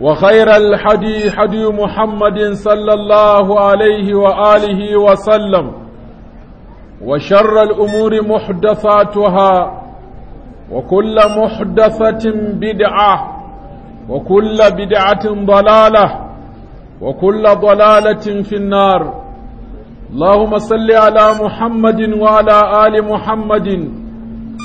وخير الحدي حدي محمد صلى الله عليه وآله وسلم وشر الأمور محدثاتها وكل محدثة بدعة وكل بدعة ضلالة وكل ضلالة في النار اللهم صل على محمد وعلى آل محمد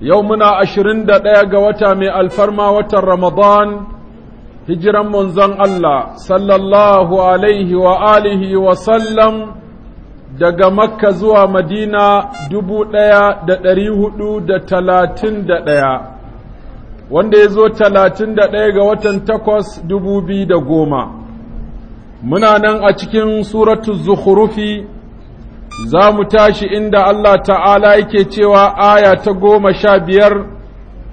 yau muna ashirin da ɗaya ga wata mai alfarma watan Ramadan, hijiran manzon Allah, sallallahu alaihi wa alihi wa sallam daga Makka zuwa Madina dubu ɗaya da ɗari hudu da talatin da ɗaya, wanda ya zo talatin da ɗaya ga watan takwas dubu biyu da goma. Muna nan a cikin suratu zuhurufi. za mu tashi inda Allah ta'ala yake cewa aya ta goma sha biyar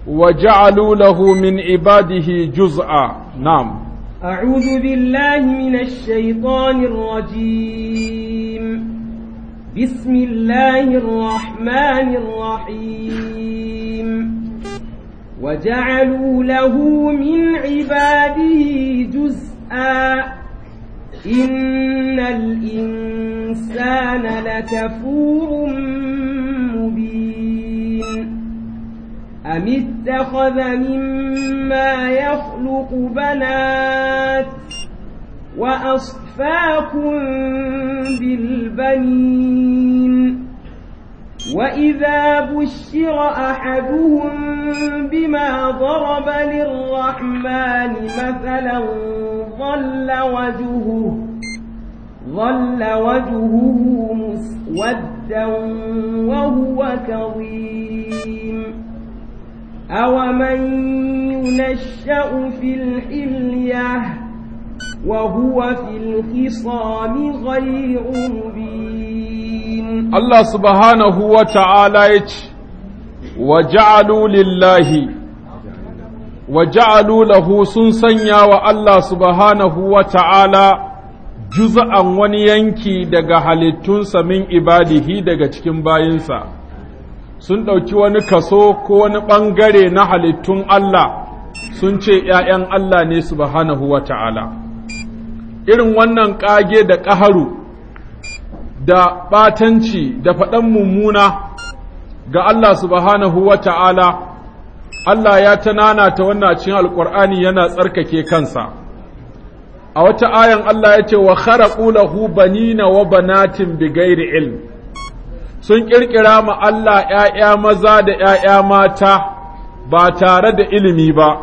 wa ja'alu lahu min ibadihi juz'a na'am a'udhu billahi minash shaitanir rajim bismillahir rahmanir rahim وجعلوا له من عباده جزءا إن الإنسان لكفور مبين أم اتخذ مما يخلق بنات وأصفاكم بالبنين وإذا بشر أحدهم بما ضرب للرحمن مثلا ظل وجهه ظل وجهه مسودا وهو كظيم أومن ينشأ في الحلية وهو في الخصام غير مبين Allah subhanahu wa ta'ala ya ce, wa ja'alu lillahi, wa ja'alu lahu sun sanya wa Allah subhanahu wa ta'ala juzan wani yanki daga halittunsa min ibadihi daga cikin bayinsa, sun ɗauki wani kaso ko wani ɓangare na halittun Allah sun ce ‘ya'yan Allah ne subhanahu wa ta'ala. Irin wannan ƙage da ƙaharu da ɓatanci da faɗan mummuna ga Allah subhanahu wa ta'ala, Allah ya ta ta wannan cin alƙur'ani yana tsarkake kansa. A wata ayan Allah ya ce, wa kharaƙu lahu banina wa banatin bigairi ilm. Sun ƙirƙira ma Allah ‘ya'ya maza da ‘ya'ya mata ba tare da ilimi ba,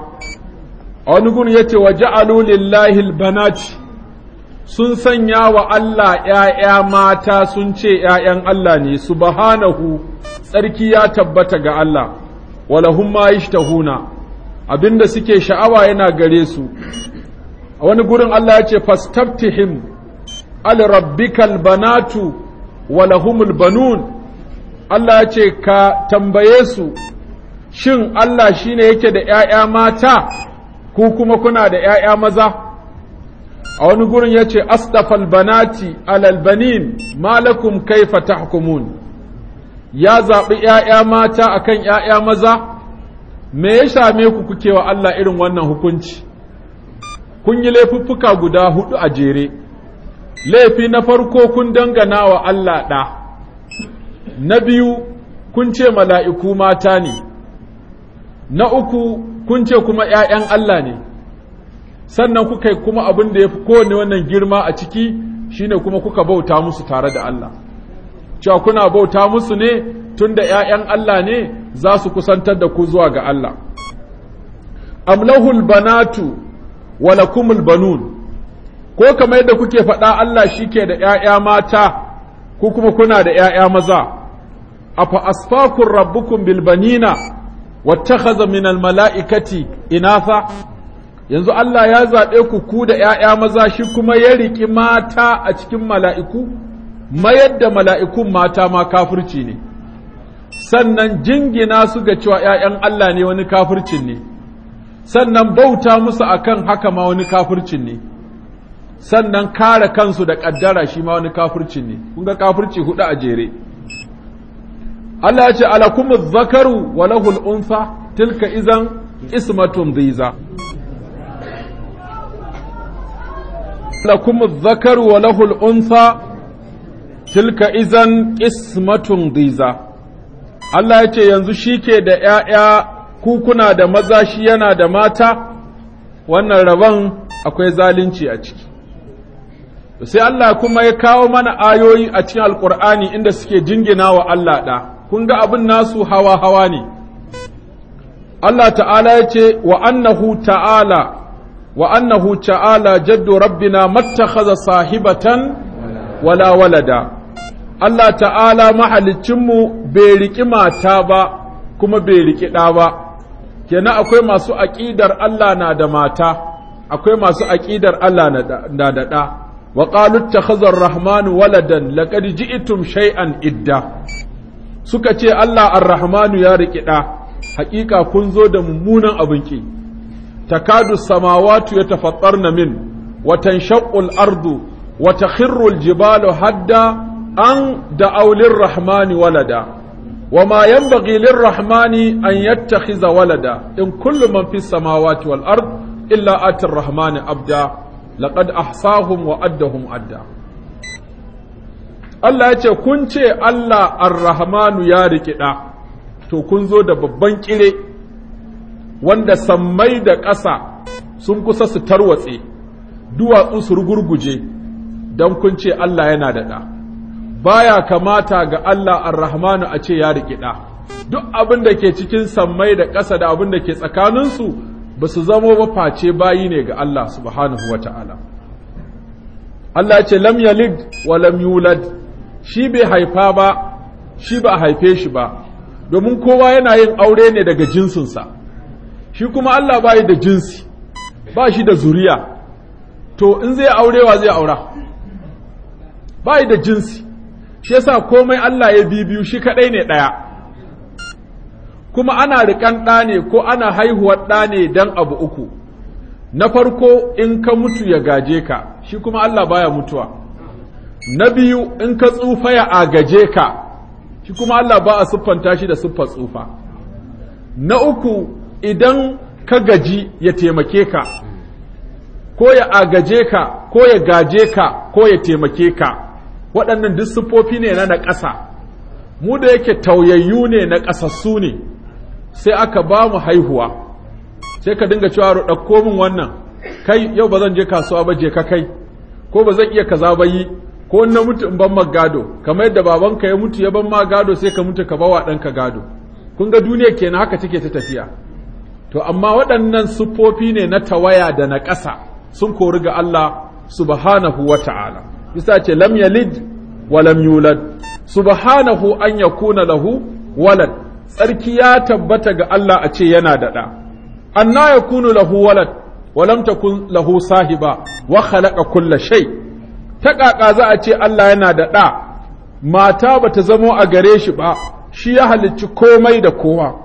a wani gun ya ce, wa ja'alu lillahi sun sanya wa Allah ‘ya'ya mata sun ce ‘ya'yan Allah ne, subhanahu tsarki ya tabbata ga Allah, walahun ma yi Abin da suke sha'awa yana gare su, a wani gurin Allah ya ce, Fastaftihim, al-rabbikal banatu, walahumul banun, Allah ya ce, Ka tambaye su, shin Allah shi ne yake da ‘ya'ya mata, ku kuma kuna da ‘ya'ya maza’? a wani gurin ya ce astafal banati alalbanin malakum kaifa hukumun. ya zaɓi ‘ya'ya mata a kan ‘ya'ya maza me ya shame ku kuke wa Allah irin wannan hukunci kun yi laifuffuka guda hudu a jere laifi na farko kun dangana wa Allah ɗa na biyu kun ce mala'iku mata ne na uku kun ce kuma ‘ya'yan Allah ne sannan kuka yi kuma abin da ya fi kowane wannan girma a ciki shine kuma kuka bauta musu tare da Allah cewa kuna bauta musu ne tun da ‘ya'yan Allah ne za su kusantar da ku zuwa ga Allah amlahul banatu wala kumul banun ko kamar yadda kuke faɗa Allah shi ke da ‘ya'ya mata ko kuma kuna da ‘ya'ya maza afa asfakun rabbukun bilbanina wata haza minal mala'ikati fa? yanzu Allah ya zaɓe ku ku da ‘ya'ya maza shi kuma ya riƙi mata a cikin mala'iku, mayar da mala'ikun mata ma kafirci ne, sannan jingina su ga cewa ‘ya'yan Allah ne wani kafircin ne, sannan bauta musu a kan haka ma wani kafircin ne, sannan kare kansu da ƙaddara shi ma wani kafircin ne, kun ga kafirci huɗu a jere. Allah ya ce, alakumu zakaru wa lahul unsa tilka izan ismatun ziza. لكم الذكر وله الأنثى تلك إذن قسمة ضيزى Allah ya ce yanzu shi ke da ‘ya'ya kukuna da maza shi yana da mata, wannan rabon akwai zalunci a ciki. Sai Allah kuma ya kawo mana ayoyi a cikin Alƙur'ani inda suke jingina wa Allah ɗa, kun ga abin nasu hawa-hawa ne. Allah ta'ala ya ce wa annahu ta'ala wa annahu ta'ala jaddu rabbina mattakhadha sahibatan wala walada Allah ta'ala mu bai riki mata ba kuma bai riki ɗa ba kenan akwai masu aqidar Allah na da mata akwai masu aqidar Allah na da ɗa wa qalu ar-rahmanu waladan laqad ji'tum shay'an idda suka ce Allah ar-rahmanu ya riki ɗa haƙiƙa kun zo da mummunan abin takadu samawatu ya min wa min al-ardu wa takhirru jibalu hadda an da'aw lir-rahmani walada وما ينبغي للرحمن walada in kullum إن fi من في السماوات والأرض إلا آتي الرحمن أبدا لقد أحصاهم وأدهم adda. Allah ya ce, Kun ce Allah ar-Rahmanu ya rikiɗa, to kun zo da babban ƙire wanda sammai da ƙasa sun kusa su tarwatse duwatsu su rugurguje don kun ce Allah yana da ɗa baya kamata ga Allah al-rahmanu a ce ya riƙi ɗa duk abin da ke cikin sammai da ƙasa da abin da ke tsakaninsu ba su zamo ba face bayi ne ga Allah subhanahu wa ta'ala Allah ce lam yalid wa lam yulad shi bai haifa ba shi ba haife shi ba domin kowa yana yin aure ne daga jinsinsa shi kuma Allah bai da jinsi ba shi da zuriya to in zai aurewa zai aura bai da jinsi shi yasa komai Allah ya bi bibiyu shi kadai ne daya kuma ana rikan da ne ko ana haihuwar ɗa ne dan abu uku na farko in ka mutu ya gaje ka shi kuma Allah baya mutuwa na biyu in ka tsufa ya agaje ka shi kuma Allah ba a siffanta shi da siffar tsufa na uku idan ka gaji ya taimake ka ko ya agaje ka ko ya gaje ka ko ya taimake ka waɗannan duk siffofi ne na ƙasa mu da yake tauyayyu ne na ƙasassu ne sai aka ba mu haihuwa sai ka dinga cewa ɗauko min wannan kai yau ba zan je kasuwa ba je ka kai ko ba zan iya kaza ba yi ko na mutu in ban ma gado kamar yadda babanka ya mutu ya ban ma gado sai ka mutu ka bawa ɗanka gado kun ga duniya kenan haka take ta tafiya to amma waɗannan siffofi ne na tawaya da na ƙasa sun kori ga Allah subhanahu wa ta'ala isa ce lam yalid wa lam yulad subhanahu an ya kuna lahu walad tsarki ya tabbata ga Allah a ce yana da ɗa ya kunu lahu walad wa lam kun lahu sahiba wa khalaqa kulla shai. ta ƙaƙa za a ce Allah yana daɗa ɗa mata ta zamo a gare shi ba shi ya halicci komai da kowa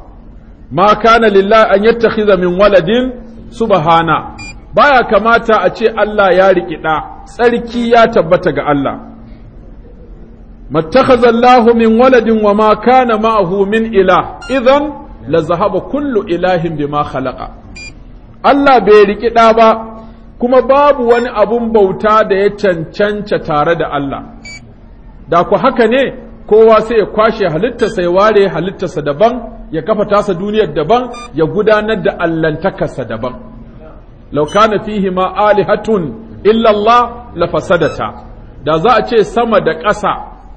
ma kana lillahi an yattakhidha min waladin subhana baya kamata a ce Allah ya riƙi ɗa tsarki ya tabbata ga Allah mattakhadha Allahu min waladin wa ma kana ma'ahu min ilah idan la zahaba kullu ilahin bima khalaqa Allah bai riƙi ɗa ba kuma babu wani abun bauta da ya cancanta tare da Allah da ku haka ne kowa sai ya kwashe halittarsa ya ware halittarsa daban ya kafa tasa duniyar daban ya gudanar da allantakarsa daban law kana fihi ma alihatun illa Allah la fasadata da za a ce sama da ƙasa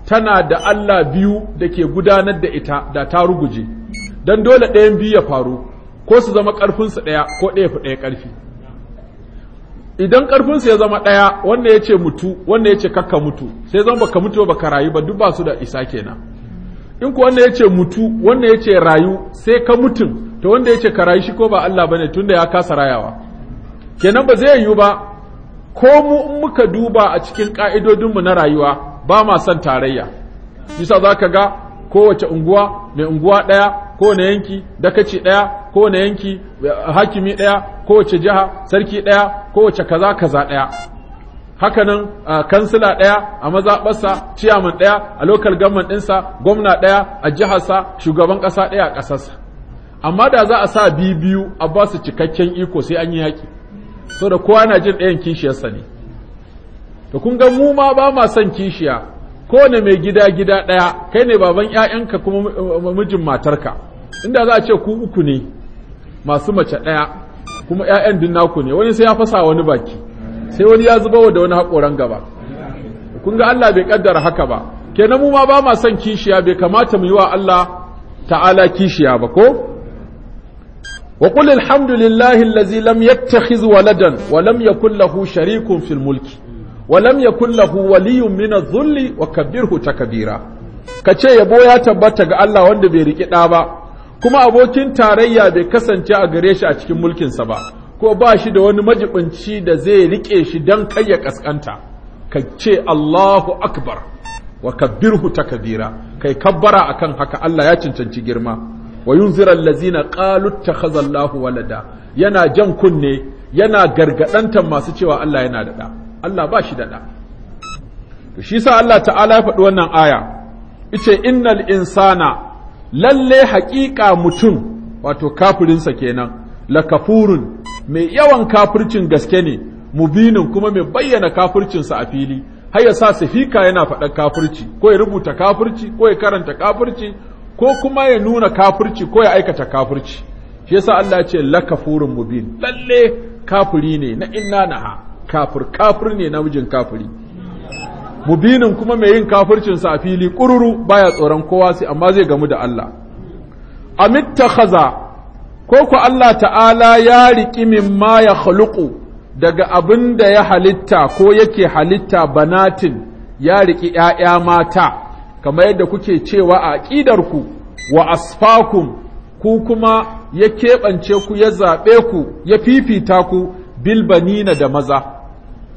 tana da Allah biyu da ke gudanar da ita da ta ruguje dan dole ɗayan biyu ya faru ko su zama ƙarfinsu ɗaya ko ɗaya fi ɗaya ƙarfi idan ƙarfinsu ya zama ɗaya wanda ya ce mutu wanda ya ce kakka mutu sai zama baka mutu ba baka rayu ba duk ba su da isa kenan in ku ya yace mutu ya yace rayu sai ka mutum ta wanda yace ka rayu shi ko ba Allah ba bane da ya kasa rayawa kenan ba zai yiwu ba ko mu in muka duba a cikin ka'idodinmu na rayuwa ba ma son tarayya bisa ka ga kowace unguwa mai unguwa ɗaya ko na yanki dakaci ɗaya ko na yanki hakimi ɗaya kowace jiha sarki ɗaya kowace kaza kaza ɗaya hakanan kansila ɗaya a mazaɓarsa ciyaman ɗaya a lokal gamman ɗinsa gwamna ɗaya a jiharsa shugaban ƙasa ɗaya a ƙasarsa amma da za a sa biyu biyu a ba su cikakken iko sai an yi yaƙi so da kowa na jin ɗayan kishiyarsa ne to kun ga mu ma ba ma son kishiya kowane mai gida gida ɗaya kai ne baban ‘ya'yanka kuma eh, mijin matarka inda za a ce ku uku ne masu mace ɗaya kuma ‘ya'yan din naku ne wani sai ya fasa wani baki sai wani ya zuba da wani haƙoran gaba kun ga Allah bai ƙaddara haka ba kenan mu ma ba ma son kishiya bai kamata mu yi wa Allah ta'ala kishiya ba ko wa qul alhamdulillahi allazi lam yattakhiz waladan wa lam yakul lahu sharikun fil mulki wa lam yakul lahu waliyyun min adh-dhulli wa kabbirhu takbira ce yabo ya tabbata ga Allah wanda bai riki da ba kuma abokin tarayya bai kasance a gare shi a cikin mulkinsa ba ko ba shi da wani majibinci da zai riƙe shi don kai ya kaskanta ka ce Allahu akbar wa ta kabira kai kabbara akan haka Allah ya cancanci girma wa yunzira allazina qalu ittakhadha Allahu walada yana jan kunne yana gargadantan masu cewa Allah yana da da Allah ba shi da to shi sa Allah ta'ala ya faɗi wannan aya yace innal insana lalle haƙiƙa mutum wato kafirinsa kenan lakafurun mai yawan kafircin gaske ne mubinin kuma mai bayyana kafircinsa a fili har yasa sa safika yana faɗar kafirci ko ya rubuta kafirci ko ya karanta kafirci ko kuma ya nuna kafirci ko ya aikata kafirci shi yasa Allah ya ce lakafurun mubin lalle kafiri ne na inna naha kafir kafir ne namijin kafiri mubinin kuma mai yin sa a fili kururu baya tsoron kowa sai amma zai gamu da Allah amittakhaza ko ku Allah ta'ala ya riƙi ma ya khaluqu daga abin da ya halitta ko yake halitta banatin ya riƙi ‘ya'ya mata, kamar yadda kuke cewa a ƙidarku wa asfakum ku kuma ya keɓance ku ya zaɓe ku ya fifita ku bilbanina da maza.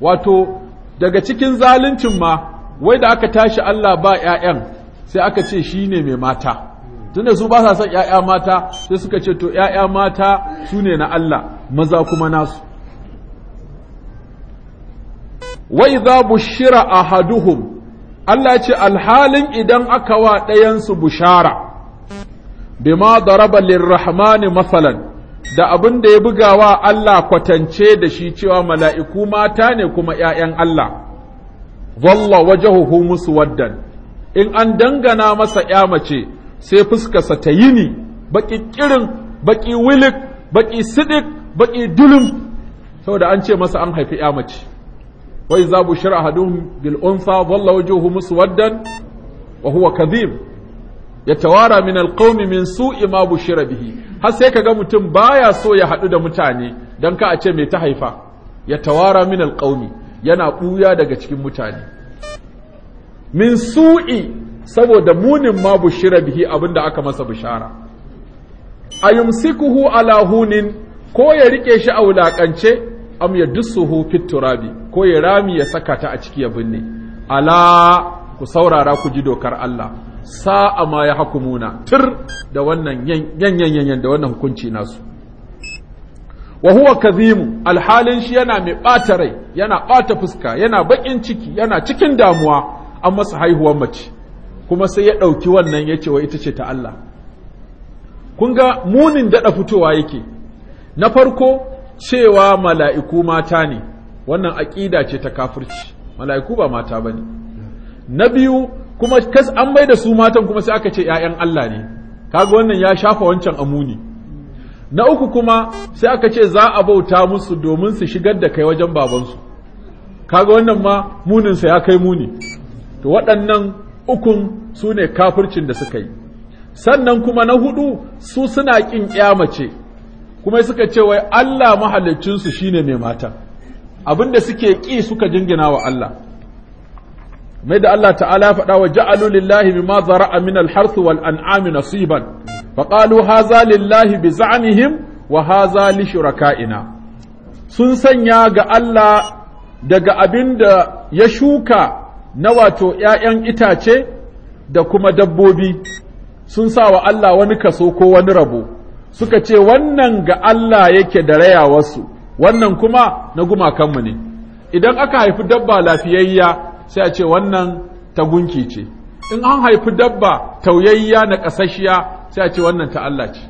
Wato, daga cikin zaluncin ma, wai da aka tashi Allah ba ‘ya'yan sai aka ce shi ne mai mata. tunda su ba sa son ‘ya'ya mata sai suka ce to ‘ya'ya mata su ne na Allah maza kuma nasu wai za bushira ahaduhum Allah ce alhalin idan aka wa su bushara bima daraba rahmani masalan da abin da ya buga wa Allah kwatance da shi cewa mala'iku mata ne kuma ‘ya'yan Allah, walla wajahu musu waddan, in an dangana masa ‘ya mace, sai fuskarsa ta yini baki kirin baki wilik baki sidik baki dulum saboda an ce masa an haifi ya mace wai za bu shira hadun bil unsa walla wajhuhu muswaddan wa huwa kadhib yatawara min al qawmi min su'i ma bushira bihi har sai kaga mutum baya so ya hadu da mutane dan ka a ce me ta haifa yatawara min al qawmi yana buya daga cikin mutane min su'i saboda munin ma bushira bihi abinda aka masa bishara ayumsikuhu ala hunin ko ya rike shi a wulakance am ya dussuhu fit turabi ko ya rami ya saka ta a ciki ya binne ala ku saurara ku ji dokar Allah sa'a ma ya hakumuna tur da wannan yanyan da wannan hukunci nasu wa huwa kazimu alhalin shi yana mai ɓata rai yana ɓata fuska yana baƙin ciki yana cikin damuwa an masa haihuwar mace kuma sai ya ɗauki wannan ya ce wa ita ce ta Allah kun ga munin daɗa fitowa yake na farko cewa mala'iku mata ne wannan aƙida ce ta kafirci mala'iku ba mata ba ne na biyu kuma kas an bai da su matan kuma sai aka ce ‘ya'yan Allah ne kaga wannan ya shafa wancan amuni na uku kuma sai aka ce za a bauta musu domin su shigar da kai wajen babansu kaga wannan ma muninsa ya kai muni to waɗannan ukun su ne kafircin da suka yi sannan kuma na hudu su suna ƙin mace kuma suka ce wai Allah mahalicinsu shine mai mata abinda suke ƙi suka jingina wa Allah mai da Allah ta'ala faɗa wa ja'alu lillahi ma zara'a min al-harth wal an'ami nasiban fa qalu hadha lillahi bi za'mihim wa hadha li shuraka'ina sun sanya ga Allah daga abin da ya shuka na wato ‘ya'yan itace da kuma dabbobi sun sa wa Allah wani kaso ko wani rabo, suka ce wannan ga Allah yake da raya wasu wannan kuma na gumakanmu ne. Idan aka haifi dabba lafiyayya sai a ce wannan ta gunki ce, in an haifi dabba tauyayya na ƙasashiya sai a ce wannan ta Allah ce.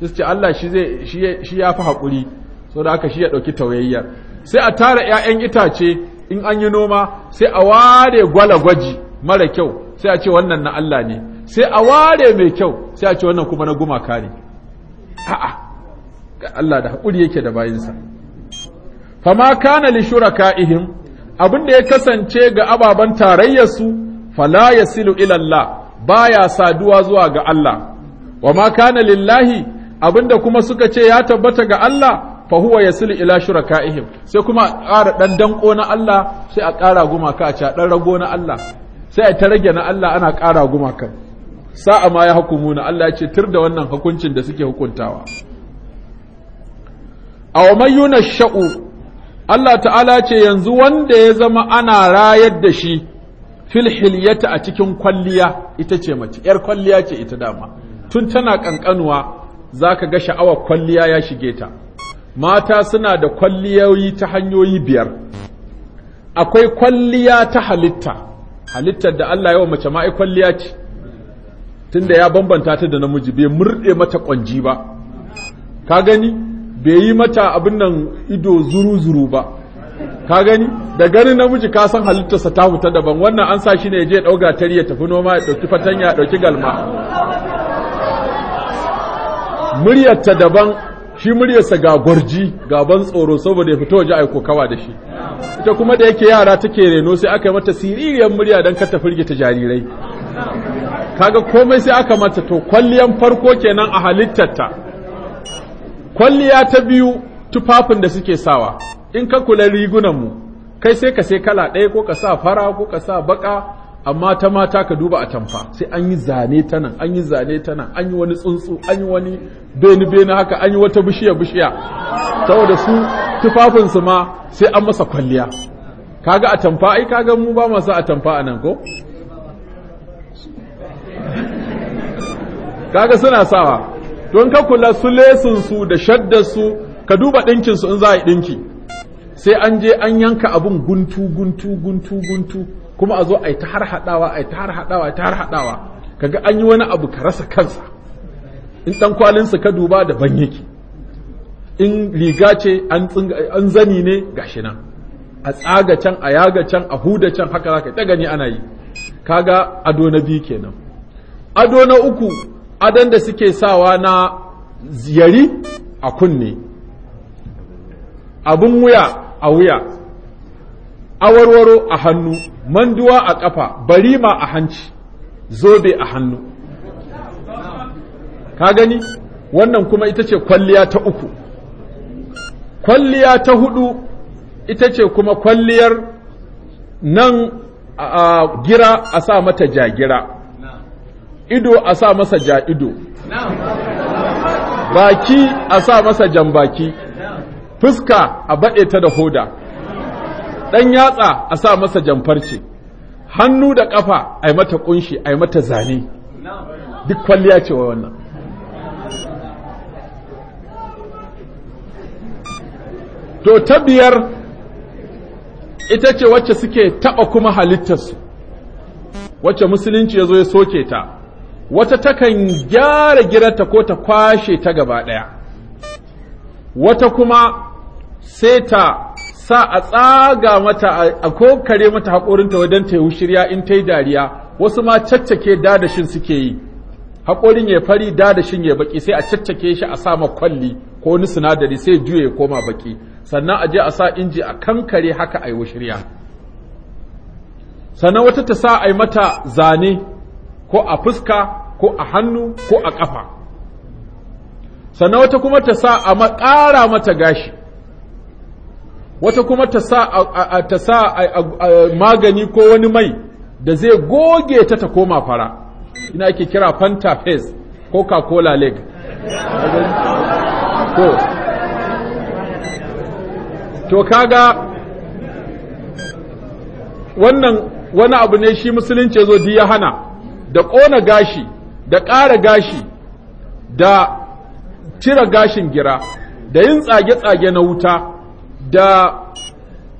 Sai ce Allah shi ya fi haƙuri, so da aka shi ya ɗauki tauyayyar. Sai a tara ‘ya'yan itace in an yi noma sai a ware gwaji mara kyau sai a ce wannan na Allah ne sai a ware mai kyau sai a ce wannan kuma na gumaka ne a'a ga Allah da haƙuri yake da bayinsa fama kana li shuraka'ihim abin da ya kasance ga ababen tarayyarsu fala yasilu ila Allah baya saduwa zuwa ga Allah wa ma kana lillahi abinda kuma suka ce ya tabbata ga Allah fa huwa yasil ila shurakaihim sai kuma ƙara dan danko na Allah sai a ƙara gumaka a ci dan rago na Allah sai a ta rage na Allah ana ƙara gumaka sa'a ma ya hukumuna Allah ya ce tir da wannan hukuncin da suke hukuntawa aw mayyuna sha'u. Allah ta'ala ce yanzu wanda ya zama ana rayar da shi fil hilyata a cikin kwalliya ita ce mace ‘yar kwalliya ce ita dama tun tana ƙanƙanuwa zaka ga sha'awar kwalliya ya shige ta mata suna da kwalliyoyi ta hanyoyi biyar akwai kwalliya ta halitta halittar da Allah yawa mace ma'ai kwalliya ce tunda ya bambanta ta da namiji bai murɗe mata ƙwanji ba ka gani bai yi mata abin nan ido zuru-zuru ba ka gani da ganin namiji ka san halittarsa ta fita daban wannan an sa shi ne ya je ɗauga tari ya tafi noma ya ɗauki fatanya ya ɗauki galma muryarta daban shi muryarsa ga gwarji ga ban tsoro saboda ya fito waje aiko kawa da shi ita kuma da yake yara take reno sai aka yi mata siririyar murya don kar ta firgita jarirai kaga komai sai aka mata to kwalliyan farko kenan a halittarta kwalliya ta biyu tufafin da suke sawa in ka kula rigunanmu kai sai ka sai kala ɗaya ko ka sa fara ko ka sa baka amma ta mata ka duba a tamfa sai an yi zane ta nan an yi zane ta nan an yi wani tsuntsu an yi wani beni beni haka an yi wata bishiya bishiya saboda su tufafinsu ma sai an masa kwalliya kaga a tamfa ai kaga mu ba masu a tamfa a nan ko kaga suna sawa don ka kula su su da shaddarsu ka duba ɗinkinsu in za a yi ɗinki sai an je an yanka abun guntu guntu guntu guntu kuma a zo a yi ta har haɗawa a yi ta har haɗawa a yi ta har haɗawa kaga an yi wani abu ka rasa kansa in ɗan kwalinsa ka duba da ban yake in riga ce an zani ne gashi nan a tsaga can a yaga can a huda can haka za zaka ta gani ana yi kaga ado na biyu kenan ado na uku adon da suke sawa na ziyari a kunne abin wuya a wuya awarwaro a hannu manduwa a ƙafa barima a hanci zobe a hannu ka gani wannan kuma ita ce kwalliya ta uku kwalliya ta hudu ita ce kuma kwalliyar nan a gira a sa mata jagira ido a sa masa ja ido baki a sa masa jan baki fuska a baɗe ta da hoda ɗan yatsa a sa masa jamfarci hannu da ƙafa ai mata ƙunshi a mata zane duk kwalliya ce wa wannan to ta biyar ita ce wacce suke taɓa kuma halittarsu wacce musulunci ya zo ya soke ta wata takan gyara girarta ko ta kwashe ta gaba ɗaya wata kuma sai ta sa a tsaga mata a kokare mata haƙorinta wajen ta yi shirya in ta yi dariya wasu ma caccake dadashin suke yi haƙorin ya fari dadashin ya baki sai a caccake shi a sama kwalli ko wani sinadari sai juye koma baki sannan a je a sa inji a kankare haka a yi shirya sannan wata ta sa a yi mata zane ko a fuska ko a hannu ko a ƙafa sannan wata kuma ta sa a ƙara mata gashi wata kuma ta sa ta sa magani ko wani mai da zai goge ta ta koma fara ina ake kira fanta face coca cola leg to to kaga wannan wani abu ne shi musulunci zo di ya hana da ƙona gashi da ƙara gashi da cire gashin gira da yin tsage-tsage na wuta da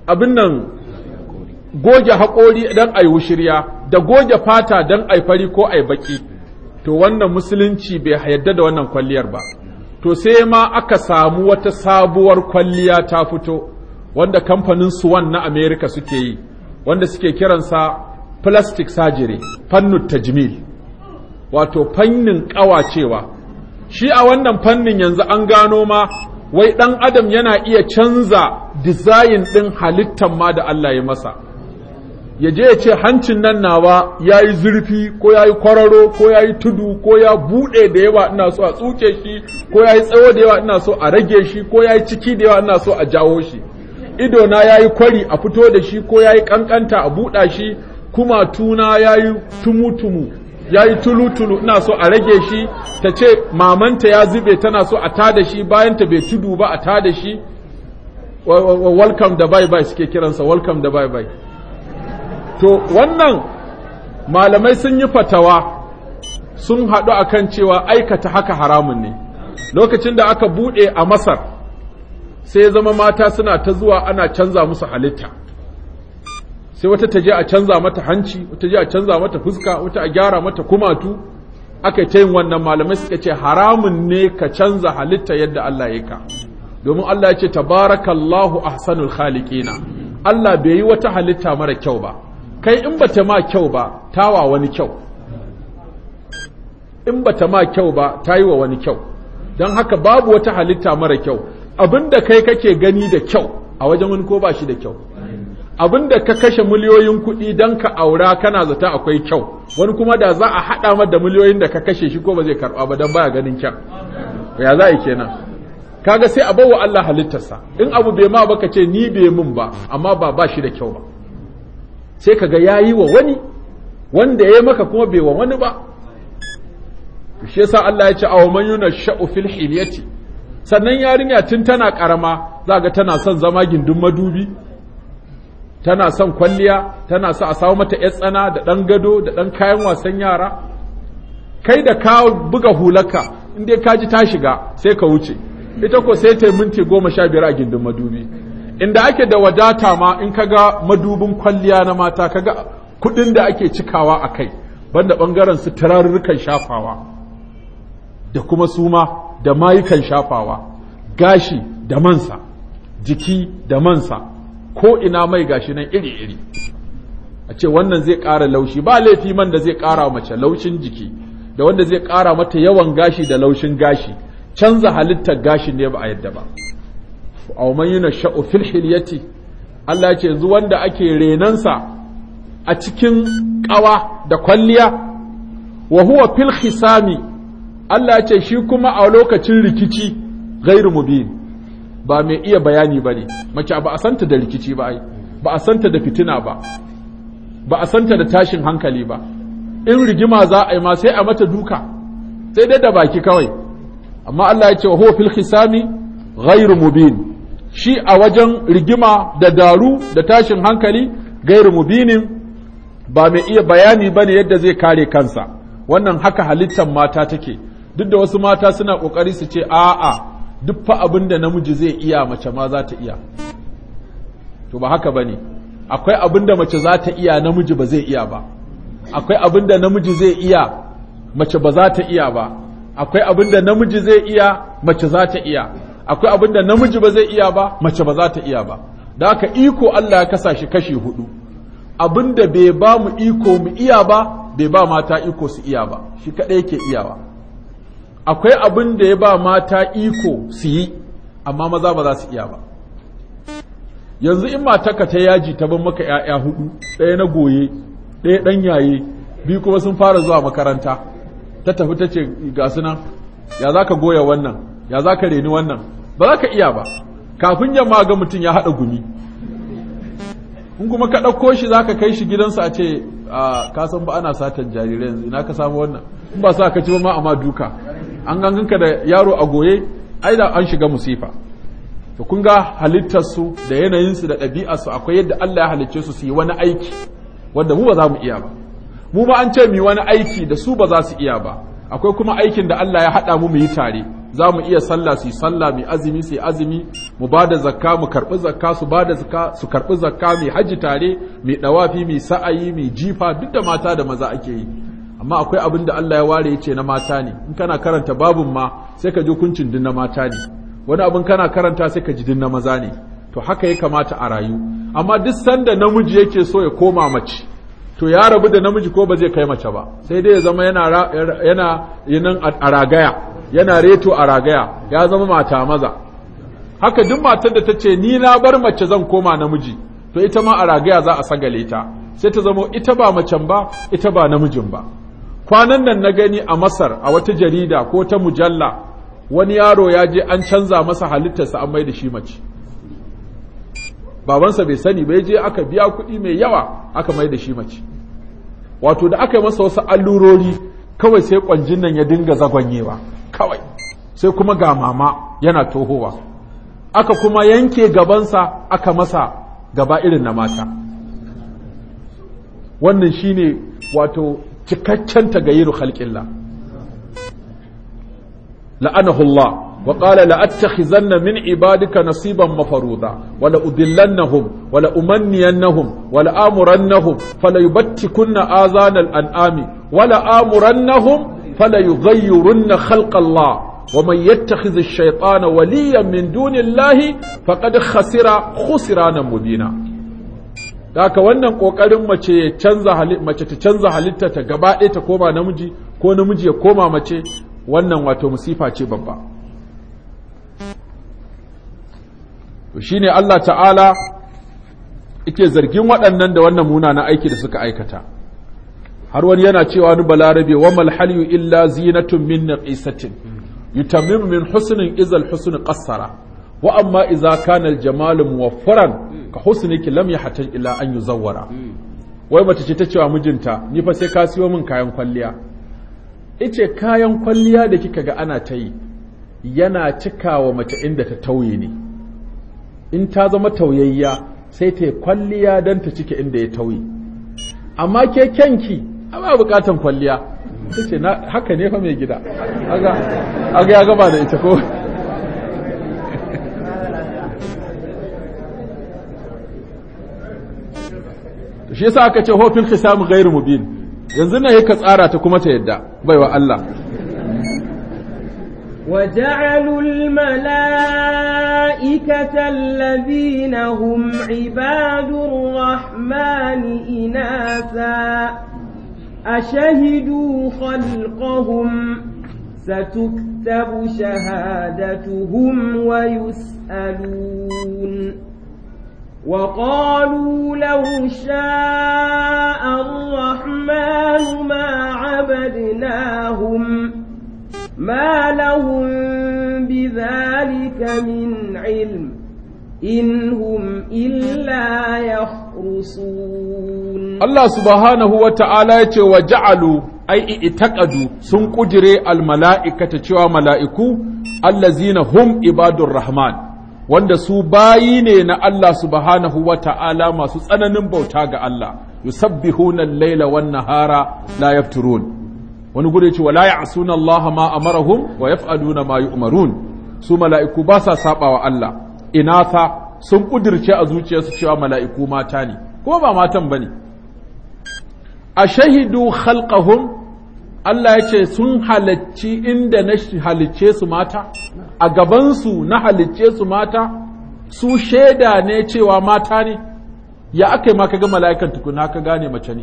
abin nan goge haƙori don a yi wushirya da goge fata don a yi fari ko a yi baƙi to wannan musulunci bai yarda da wannan kwalliyar ba to sai ma aka samu wata sabuwar kwalliya ta fito wanda kamfanin suwan na Amerika suke yi wanda suke kiransa plastic surgery fannin tajmil wato fannin ƙawacewa shi a wannan fannin yanzu an gano ma wai ɗan adam yana iya canza dizayin ɗin halittan ma da Allah ya masa ya je ya ce hancin nan nawa ya yi zurfi ko ya yi kwararo ko ya yi tudu ko ya buɗe da yawa ina so a tsuke shi ko ya yi tsawo da yawa ina so a rage shi ko ya yi ciki da yawa ina so a jawo shi idona ya yi kwari a fito da shi ko ya yi ƙanƙanta a buɗa shi kuma tuna ya yi tumu ya yi tulu-tulu ina so a rage shi ta ce mamanta ya zube tana so a tada shi bayan ta bai tudu ba a tada shi welcome da bye bye suke kiransa welcome da bye bye to wannan malamai sun yi fatawa sun haɗu akan cewa aikata haka haramun ne lokacin da aka buɗe a masar sai zama mata suna ta zuwa ana canza musu halitta sai wata ta je a canza mata hanci wata je a canza mata fuska wata a gyara mata kumatu aka ta yin wannan malamai suka ce haramun ne ka canza halitta yadda Allah ya ka domin Allah ya ce tabarakallahu ahsanul khaliqina Allah bai yi wata halitta mara kyau ba kai in bata ma kyau ba tawa wani kyau in bata ma kyau ba tayi wa wani kyau don haka babu wata halitta mara kyau abinda kai kake gani da kyau a wajen wani ko ba shi da kyau abinda ka kashe miliyoyin kuɗi don ka aura kana zata akwai kyau wani kuma da za a haɗa mar da miliyoyin da ka kashe shi ko ba zai karɓa ba don baya ganin kyau ya za a kenan kaga sai a bawa Allah halittarsa in abu bai ma baka ce ni bai mun ba amma ba ba shi da kyau ba sai kaga ya yi wa wani wanda ya yi maka kuma bai wa wani ba shi yasa Allah ya ce aw man sha'u fil sannan yarinya tun tana karama za ga tana son zama gindin madubi tana son kwalliya tana sa a samu mata yar tsana da ɗan gado da ɗan kayan wasan yara kai da ka buga hulaka inda ka ji ta shiga sai ka wuce ita ko sai ta minti goma sha biyar a gindin madubi inda ake da wadata ma in kaga madubin kwalliya na mata kaga kudin da ake cikawa a kai banda ɓangaren su turarurrukan shafawa da kuma suma da mayukan shafawa gashi da mansa jiki da mansa ko ina mai gashi nan iri-iri a ce wannan zai ƙara laushi ba laifi man da zai ƙara mace laushin jiki da wanda zai ƙara mata yawan gashi da laushin gashi canza halittar gashi ne ba a yadda ba a man yuna sha'u fil hilyati Allah ce yanzu wanda ake renansa a cikin ƙawa da kwalliya wa huwa fil khisami Allah ce shi kuma a lokacin rikici ghairu mubin ba mai iya bayani ba ne mace ba a santa da rikici ba ai ba a santa da fitina ba ba a santa da tashin hankali ba in rigima za a yi ma sai a mata duka sai dai da baki kawai amma Allah ya ce wa fil khisami ghairu mubin shi a wajen rigima da daru da tashin hankali gairu mubinin ba mai iya bayani bane yadda zai kare kansa wannan haka halittar mata take duk da wasu mata suna kokari su ce a'a duk fa abin da namiji zai iya mace ma za ta iya to ba haka ba ne akwai abin da mace za ta iya namiji ba zai iya ba akwai abin da namiji zai iya mace ba za ta iya ba akwai abin da namiji zai iya mace za ta iya akwai abin da namiji ba zai iya ba mace ba za ta iya ba da haka iko Allah ya kasa shi kashi hudu abin da bai ba mu iko mu iya ba bai ba mata iko su iya ba shi kaɗai yake iyawa akwai abin da ya ba mata iko su yi amma maza ba za su iya ba yanzu in matarka ta yaji ta ban maka ‘ya'ya hudu ɗaya na goye ɗaya ɗan yaye biyu kuma sun fara zuwa makaranta ta tafi ta ce ga nan ya za ka goya wannan ya za ka reni wannan ba za ka iya ba kafin yamma ga mutum ya haɗa gumi in kuma ka ɗauko shi za ka kai shi gidansa a ce ka san ba ana satan jarirai yanzu ina ka samu wannan in ba sa ka ci ba ma amma duka an ganganka da yaro a goye ai da an shiga musifa to kun ga halittarsu da yanayinsu da su akwai yadda Allah ya halicce su su yi wani aiki wanda mu ba za mu iya ba mu ba an ce mu wani aiki da su ba za su iya ba akwai kuma aikin da Allah ya haɗa mu mu yi tare za mu iya sallah su yi sallah mu azumi su yi azumi mu ba da zakka mu karɓi zakka su ba da zakka su karɓi zakka mu haji tare mu dawafi, mu sa'ayi mu jifa duk da mata da maza ake yi amma akwai abin da Allah ya ware ya ce na mata ne in kana karanta babun ma sai ka ji hukuncin din na mata ne wani abin kana karanta sai ka ji din na maza ne to haka ya kamata a rayu amma duk sanda namiji yake so ya koma mace to ya rabu da namiji ko ba zai kai mace ba sai dai ya zama yana yana yinan a ragaya yana reto a ragaya ya zama mata maza haka duk matar da ta ce ni na bar mace zan koma namiji to ita ma a ragaya za a sagale ta sai ta zama ita ba macen ba ita ba namijin ba kwanan nan na gani a masar a wata jarida ko ta mujalla wani yaro ya je an canza masa halittarsa an mai da shi mace babansa bai sani bai je aka biya kuɗi mai yawa aka mai da shi mace wato da aka yi masa wasu allurori kawai sai kwanjin nan ya dinga zagwanyewa kawai sai kuma ga mama yana tohowa aka kuma yanke gabansa aka masa gaba irin na mata wannan shine wato cikakken tagayiru halƙilla la'anahullah wa ƙala la'attakhizan min ibadika nasiban mafaruda wala udillannahum wala umanniyannahum wala amurannahum falyubattikunna azanal an'ami wala amurannahum falyughayyirunna khalqallah wa man yattakhiz ash-shaytana waliyan min dunillahi faqad khasira khusrana mubina daka wannan ƙoƙarin mace ta canza halitta ta gaba ɗaya ta koma namiji ko namiji ya koma mace wannan wato musifa ce babba to ne Allah ta'ala ke zargin waɗannan da wannan munanan aiki da suka aikata har wani yana cewa ni balarabe wa mal illa zinatun min naqisatin min husnin izal husnu qassara wa amma idza kana al jamalu ka ki lam yahtaj ila an zawara. wai mace ce ta cewa mijinta ni fa sai ka siyo min kayan kwalliya ice kayan kwalliya da kika ga ana ta yi yana cikawa mace inda ta tauye ne in ta zama tauyayya sai ta yi kwalliya dan ta cike inda ya tauye amma ke kyanki ba bukatan kwalliya Ita ce haka ne fa mai gida aga ya gaba da ita ko shi yasa aka ce hofil khisam ghairu mubin yanzu ne ka tsara ta kuma ta yadda baiwa Allah وجعلوا الملائكة الذين هم عباد الرحمن إناثا أشهدوا خلقهم ستكتب شهادتهم ويسألون وقالوا لو شاء الرحمن ما عبدناهم ما لهم بذلك من علم إن هم إلا يخرصون الله سبحانه وتعالى وجعلوا أي اتقدوا سنقجري الملائكة تشوى ملائكو الذين هم عباد الرحمن wanda su bayi ne na Allah subhanahu wa ta'ala masu tsananin bauta ga Allah yusabbihuna hunan laila wannan nahara la yafturun wani gure ce wala ya'suna Allah ma marahun? wa yaf'aluna ma yu'marun su mala'iku ba sa saɓa wa Allah sa sun kudirce a zuciyarsu cewa mala'iku mata ne kuma ba matan bane a shahidu khalqahum Allah ya ce sun halacci inda na halicce su mata, a gabansu na halicce su mata, su shaida ne cewa mata ne, ya aka yi maka ga mala'ikan tukuna ka gane mace ne.